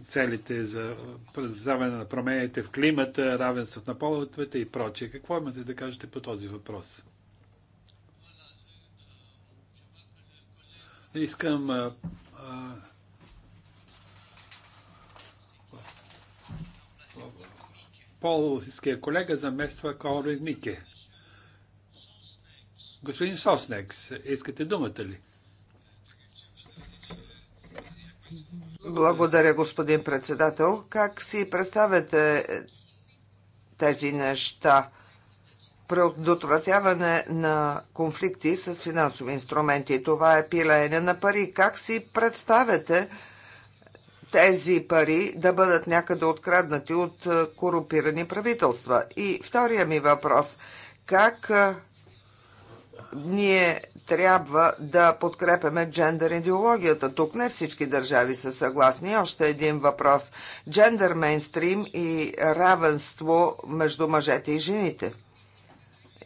целите за предоставяне на промените в климата, равенството на половете и прочее. Какво имате да кажете по този въпрос? Искам а, а, полския колега замества Корин Мике. Господин Соснекс, искате думата ли? Благодаря, господин председател. Как си представяте тези неща? предотвратяване на конфликти с финансови инструменти. Това е пилеене на пари. Как си представяте тези пари да бъдат някъде откраднати от е, корупирани правителства. И втория ми въпрос. Как е, ние трябва да подкрепяме джендър идеологията. Тук не всички държави са съгласни. Още един въпрос. Джендър мейнстрим и равенство между мъжете и жените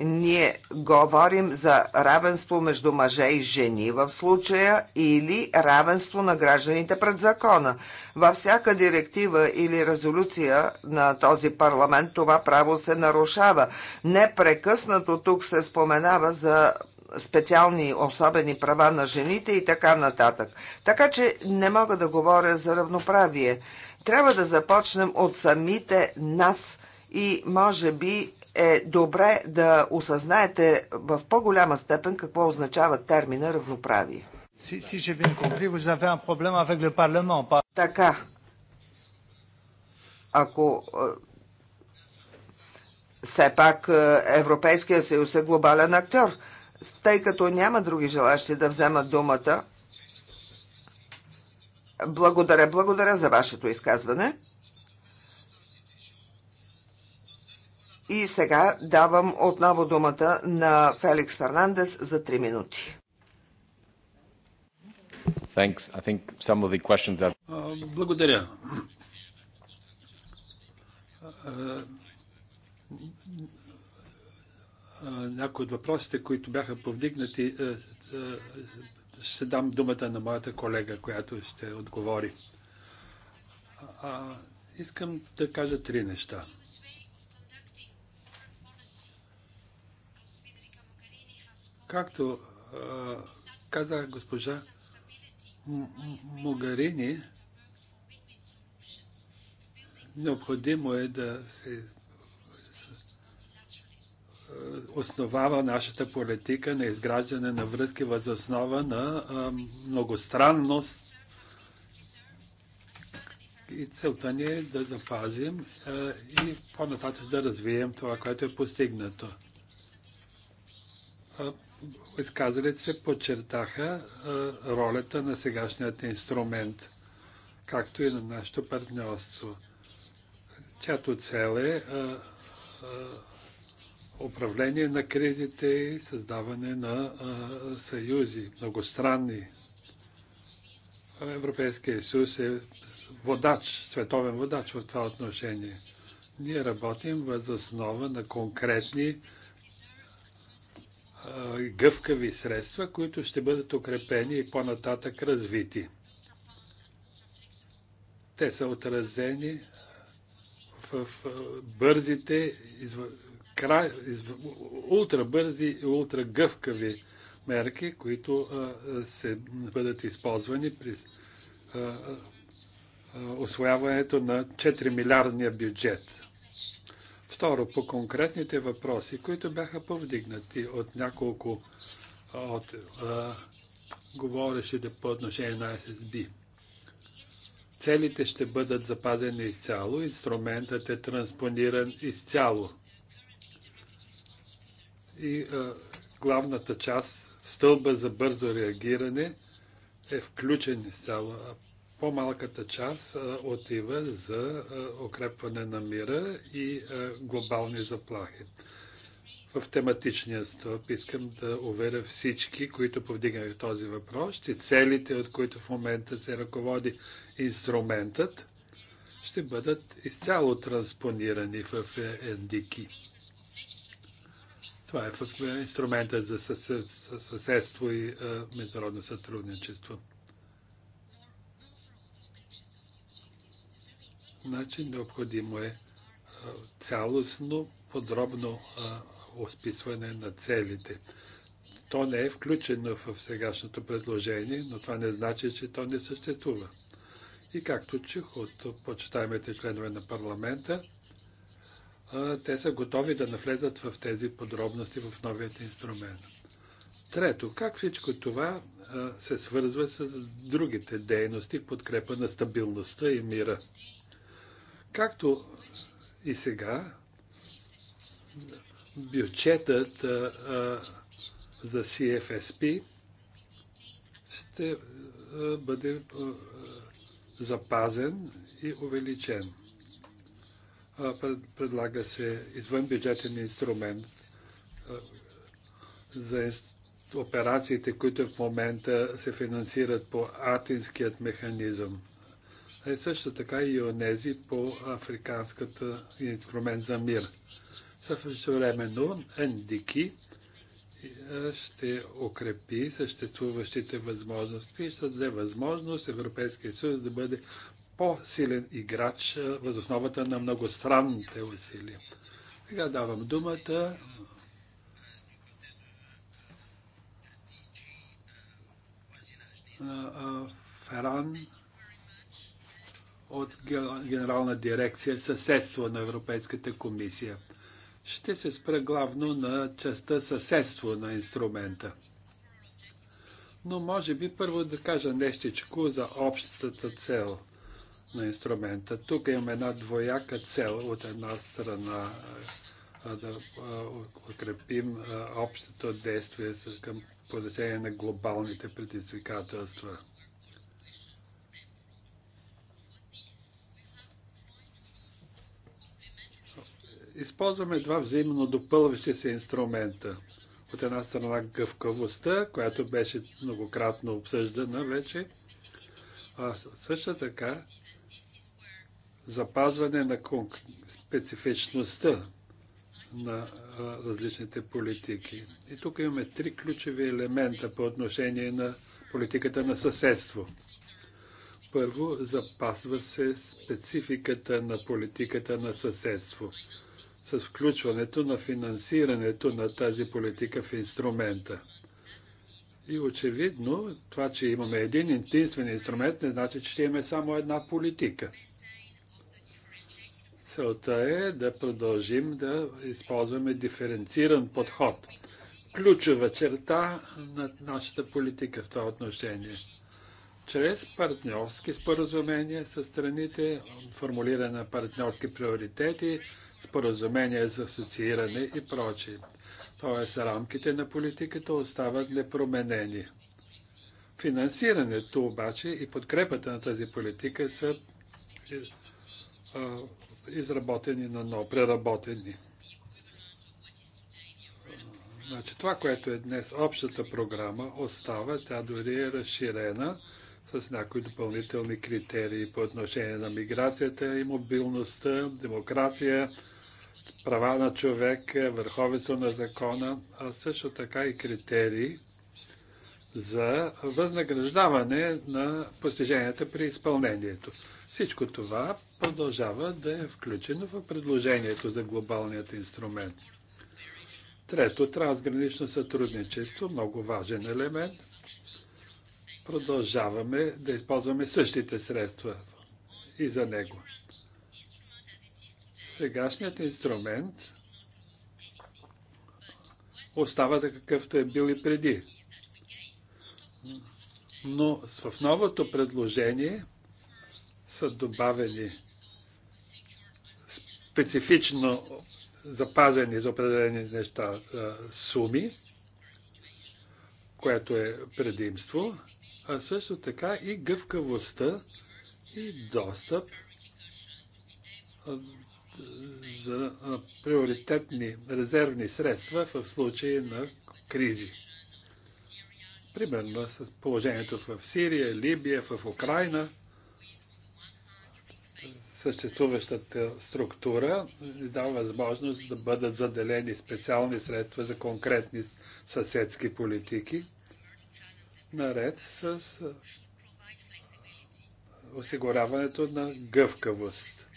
ние говорим за равенство между мъже и жени в случая или равенство на гражданите пред закона. Във всяка директива или резолюция на този парламент това право се нарушава. Непрекъснато тук се споменава за специални особени права на жените и така нататък. Така че не мога да говоря за равноправие. Трябва да започнем от самите нас и може би е добре да осъзнаете в по-голяма степен какво означава термина равноправие. Така, ако е, все пак е, Европейския съюз е глобален актьор, тъй като няма други желащи да вземат думата, благодаря, благодаря за вашето изказване. И сега давам отново думата на Феликс Фернандес за 3 минути. Благодаря. Някои от въпросите, които бяха повдигнати, е, е, ще дам думата на моята колега, която ще отговори. Искам да кажа три неща. Както каза госпожа Могарини, необходимо е да се основава нашата политика на изграждане на връзки възоснова на многостранност. И целта ни е да запазим и по-нататък да развием това, което е постигнато изказалите се подчертаха ролята на сегашният инструмент, както и на нашето партньорство, чиято цел е управление на кризите и създаване на съюзи, многостранни. Европейския съюз е водач, световен водач в това отношение. Ние работим въз основа на конкретни гъвкави средства, които ще бъдат укрепени и по-нататък развити. Те са отразени в бързите, изв... кра... изв... ултрабързи и ултрагъвкави мерки, които се бъдат използвани при освояването на 4 милиардния бюджет. Второ, по конкретните въпроси, които бяха повдигнати от няколко от говорещите по отношение на SSB. Целите ще бъдат запазени изцяло, инструментът е транспониран изцяло. И а, главната част, стълба за бързо реагиране, е включен изцяло по-малката част отива за укрепване на мира и глобални заплахи. В тематичния стълб искам да уверя всички, които повдигнах този въпрос, че целите, от които в момента се ръководи инструментът, ще бъдат изцяло транспонирани в НДК. Това е в инструмента за съседство и международно сътрудничество. Значи необходимо е цялостно, подробно описване на целите. То не е включено в сегашното предложение, но това не значи, че то не съществува. И както чух от почитаемите членове на парламента, те са готови да навлезат в тези подробности в новият инструмент. Трето, как всичко това се свързва с другите дейности в подкрепа на стабилността и мира? Както и сега, бюджетът за CFSP ще бъде запазен и увеличен. Предлага се извън бюджетен инструмент за операциите, които в момента се финансират по атинският механизъм е също така и онези по Африканската инструмент за мир. времено НДК е, ще укрепи съществуващите възможности ще даде възможност Европейския съюз да бъде по-силен играч е, въз основата на многостранните усилия. Сега давам думата на Феран от Генерална дирекция съседство на Европейската комисия. Ще се спра главно на частта съседство на инструмента. Но може би първо да кажа нещичко за общата цел на инструмента. Тук имаме една двояка цел. От една страна да укрепим общото действие към подължение на глобалните предизвикателства – използваме два взаимно допълващи се инструмента. От една страна гъвкавостта, която беше многократно обсъждана вече, а също така запазване на специфичността на различните политики. И тук имаме три ключови елемента по отношение на политиката на съседство. Първо, запазва се спецификата на политиката на съседство с включването на финансирането на тази политика в инструмента. И очевидно, това, че имаме един единствен инструмент, не значи, че ще имаме само една политика. Целта е да продължим да използваме диференциран подход. Ключова черта на нашата политика в това отношение. Чрез партньорски споразумения с страните, формулиране на партньорски приоритети, споразумения за асоцииране и прочие. Тоест, рамките на политиката остават непроменени. Финансирането обаче и подкрепата на тази политика са е, изработени на ново, преработени. Значи, това, което е днес общата програма, остава, тя дори е разширена с някои допълнителни критерии по отношение на миграцията и мобилността, демокрация, права на човек, върховенство на закона, а също така и критерии за възнаграждаване на постиженията при изпълнението. Всичко това продължава да е включено в предложението за глобалният инструмент. Трето, трансгранично сътрудничество, много важен елемент – продължаваме да използваме същите средства и за него. Сегашният инструмент остава какъвто е бил и преди. Но в новото предложение са добавени специфично запазени за определени неща суми, което е предимство а също така и гъвкавостта и достъп за приоритетни резервни средства в случай на кризи. Примерно с положението в Сирия, Либия, в Украина, съществуващата структура дава възможност да бъдат заделени специални средства за конкретни съседски политики наред с осигуряването на гъвкавост.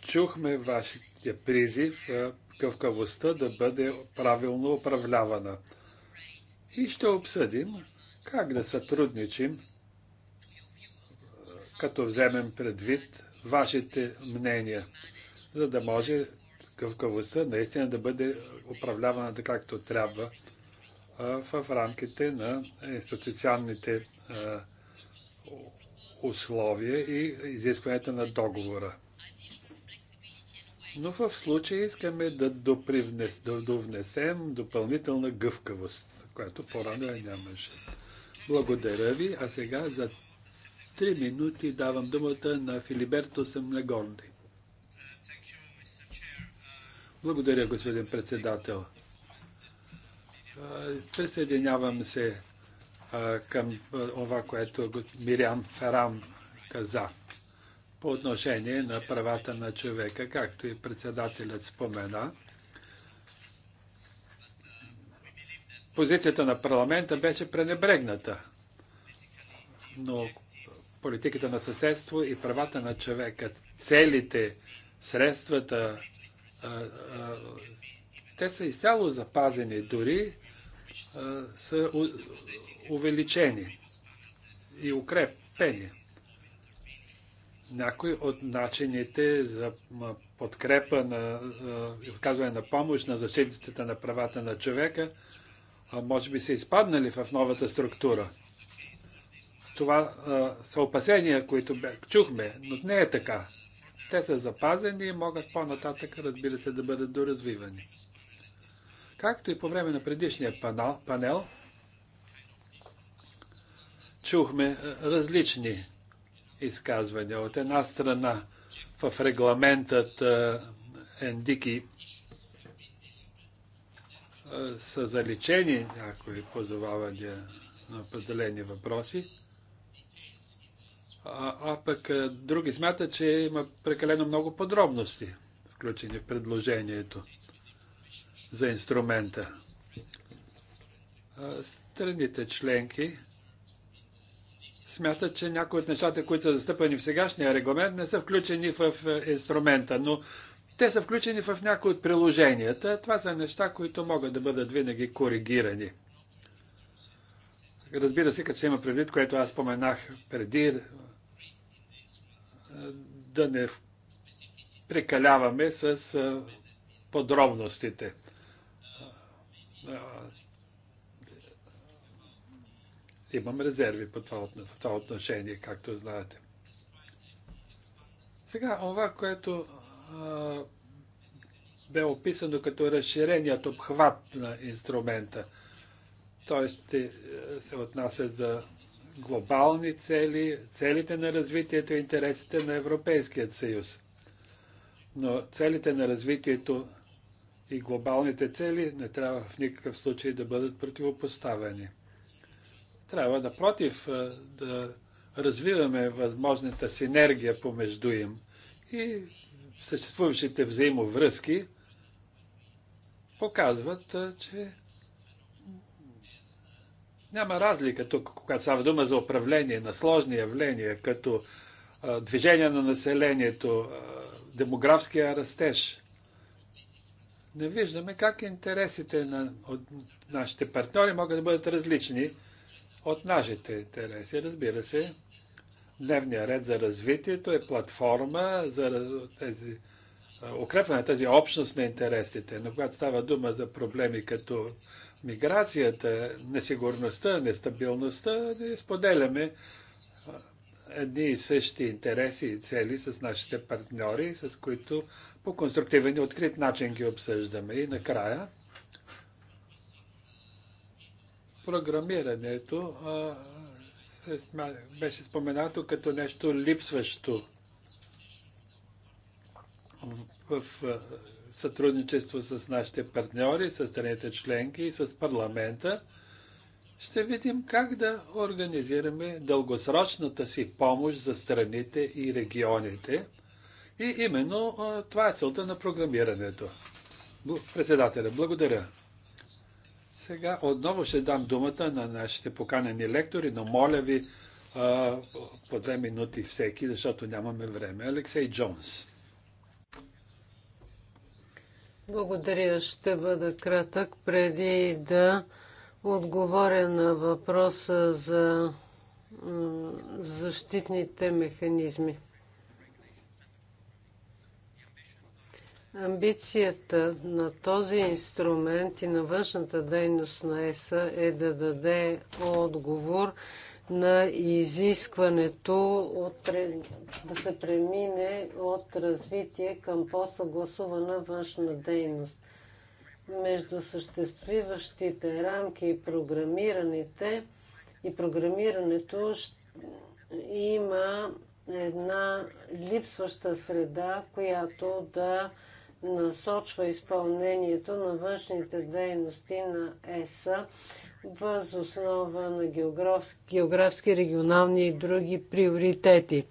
Чухме вашите призив гъвкавостта да бъде правилно управлявана. И ще обсъдим как да сътрудничим, като вземем предвид вашите мнения, за да може гъвкавостта наистина да бъде управлявана както трябва в рамките на институционните условия и изискването на договора. Но в случая искаме да, допривнес, да довнесем допълнителна гъвкавост, която по-рано я нямаше. Благодаря ви, а сега за три минути давам думата на Филиберто Семнегонди. Uh, Благодаря, господин председател. Присъединявам се към това, което Мириам Ферам каза по отношение на правата на човека, както и председателят спомена. Позицията на парламента беше пренебрегната, но политиката на съседство и правата на човека, целите, средствата, те са изцяло запазени. Дори са увеличени и укрепени. Някои от начините за подкрепа на отказване на помощ на защитниците на правата на човека може би са изпаднали в новата структура. Това са опасения, които чухме, но не е така. Те са запазени и могат по-нататък, разбира се, да бъдат доразвивани. Както и по време на предишния панел, панел чухме е, различни изказвания. От една страна в регламентът Ендики е, са заличени някои позовавания на определени въпроси, а, а пък е, други смятат, че има прекалено много подробности, включени в предложението за инструмента. Страните членки смятат, че някои от нещата, които са застъпани в сегашния регламент, не са включени в инструмента, но те са включени в някои от приложенията. Това са неща, които могат да бъдат винаги коригирани. Разбира се, като се има предвид, което аз споменах преди, да не прекаляваме с подробностите имам резерви по това, в това отношение, както знаете. Сега, това, което а, бе описано като разширеният обхват на инструмента, Т.е. Е, се отнася за глобални цели, целите на развитието и интересите на Европейският съюз. Но целите на развитието и глобалните цели не трябва в никакъв случай да бъдат противопоставени. Трябва, напротив, е, да развиваме възможната синергия помежду им и съществуващите взаимовръзки показват, е, че няма разлика тук, когато става дума за управление на сложни явления, като е, движение на населението, демографския растеж не виждаме как интересите на от нашите партньори могат да бъдат различни от нашите интереси. Разбира се, дневният ред за развитието е платформа за тези, укрепване на тази общност на интересите. Но когато става дума за проблеми като миграцията, несигурността, нестабилността, споделяме едни и същи интереси и цели с нашите партньори, с които по конструктивен и открит начин ги обсъждаме. И накрая, програмирането беше споменато като нещо липсващо в сътрудничество с нашите партньори, с страните членки и с парламента ще видим как да организираме дългосрочната си помощ за страните и регионите. И именно това е целта на програмирането. Председателя, благодаря. Сега отново ще дам думата на нашите поканени лектори, но моля ви по две минути всеки, защото нямаме време. Алексей Джонс. Благодаря. Ще бъда кратък преди да отговоря на въпроса за защитните механизми. Амбицията на този инструмент и на външната дейност на ЕСА е да даде отговор на изискването от, да се премине от развитие към по-съгласувана външна дейност – между съществуващите рамки и програмираните и програмирането има една липсваща среда, която да насочва изпълнението на външните дейности на ЕСА възоснова основа на географски, географски регионални и други приоритети.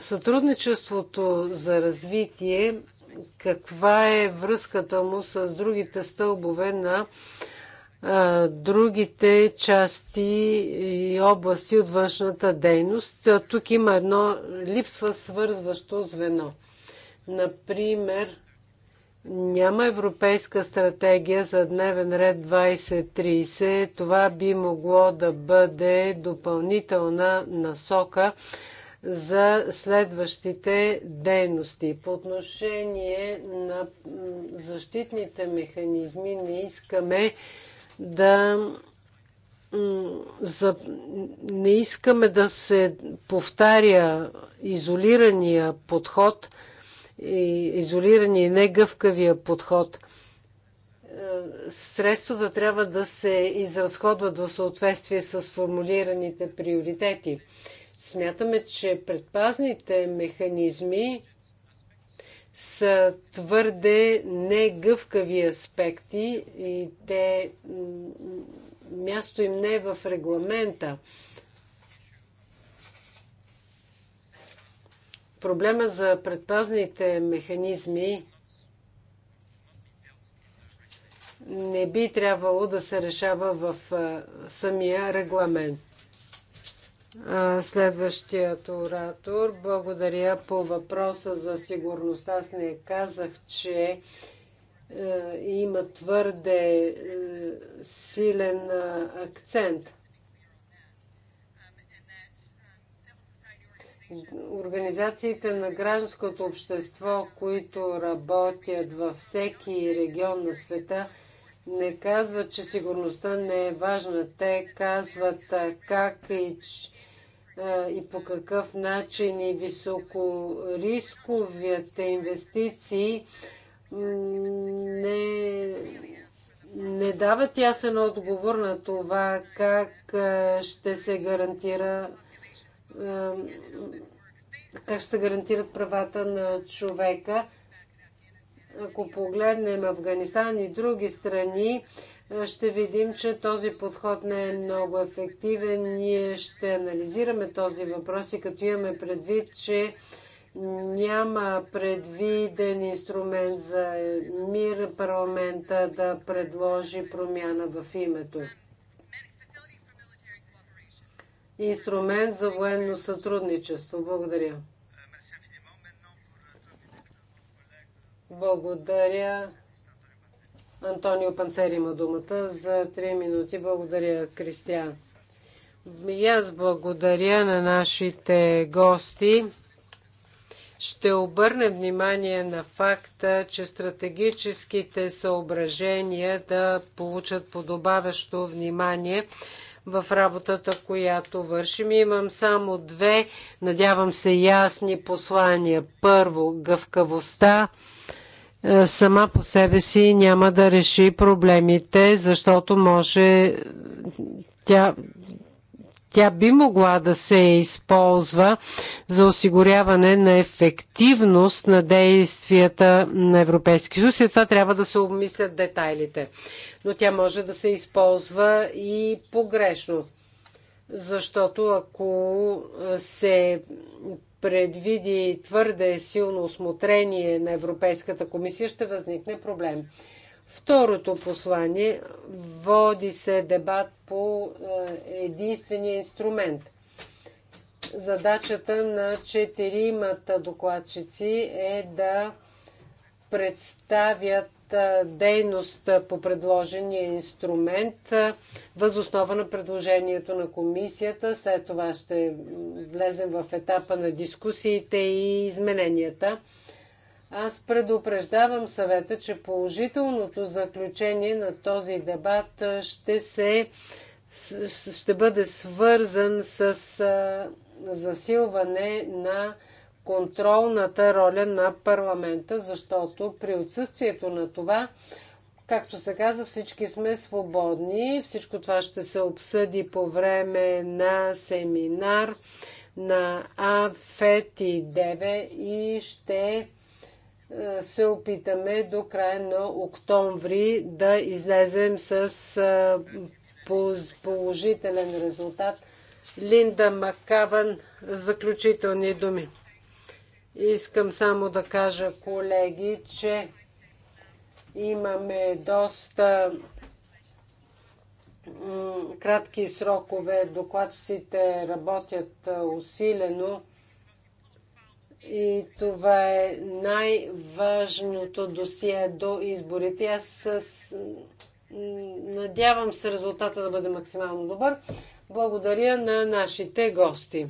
сътрудничеството за развитие, каква е връзката му с другите стълбове на другите части и области от външната дейност. Тук има едно липсва свързващо звено. Например, няма европейска стратегия за дневен ред 2030. Това би могло да бъде допълнителна насока за следващите дейности. По отношение на защитните механизми не искаме да за, не искаме да се повтаря изолирания подход – и изолирания и негъвкавия подход. Е, средствата трябва да се изразходват в съответствие с формулираните приоритети. Смятаме, че предпазните механизми са твърде негъвкави аспекти и те място им не е в регламента. Проблема за предпазните механизми не би трябвало да се решава в самия регламент. Следващият оратор. Благодаря по въпроса за сигурността. Аз не казах, че е, има твърде е, силен акцент. Организациите на гражданското общество, които работят във всеки регион на света, не казват, че сигурността не е важна. Те казват как и, и по какъв начин и високорисковите инвестиции не, не дават ясен отговор на това как ще се гарантира как ще се гарантират правата на човека. Ако погледнем Афганистан и други страни, ще видим, че този подход не е много ефективен. Ние ще анализираме този въпрос и като имаме предвид, че няма предвиден инструмент за мир парламента да предложи промяна в името инструмент за военно сътрудничество. Благодаря. Благодаря. Антонио Панцери има думата за 3 минути. Благодаря, Кристиан. И аз благодаря на нашите гости. Ще обърнем внимание на факта, че стратегическите съображения да получат подобаващо внимание в работата, която вършим. Имам само две, надявам се, ясни послания. Първо, гъвкавостта е, сама по себе си няма да реши проблемите, защото може тя тя би могла да се използва за осигуряване на ефективност на действията на Европейски съюз. И това трябва да се обмислят детайлите. Но тя може да се използва и погрешно. Защото ако се предвиди твърде силно осмотрение на Европейската комисия, ще възникне проблем. Второто послание води се дебат по е, единствения инструмент. Задачата на четиримата докладчици е да представят е, дейност по предложения инструмент е, възоснова на предложението на комисията. След това ще влезем в етапа на дискусиите и измененията. Аз предупреждавам съвета, че положителното заключение на този дебат ще, се, ще бъде свързан с засилване на контролната роля на парламента, защото при отсъствието на това, както се казва, всички сме свободни. Всичко това ще се обсъди по време на семинар на АФЕТИ и и ще се опитаме до края на октомври да излезем с положителен резултат. Линда Макаван, заключителни думи. Искам само да кажа, колеги, че имаме доста кратки срокове. Докладчиците работят усилено и това е най-важното досие до изборите. Аз с... надявам се резултата да бъде максимално добър. Благодаря на нашите гости.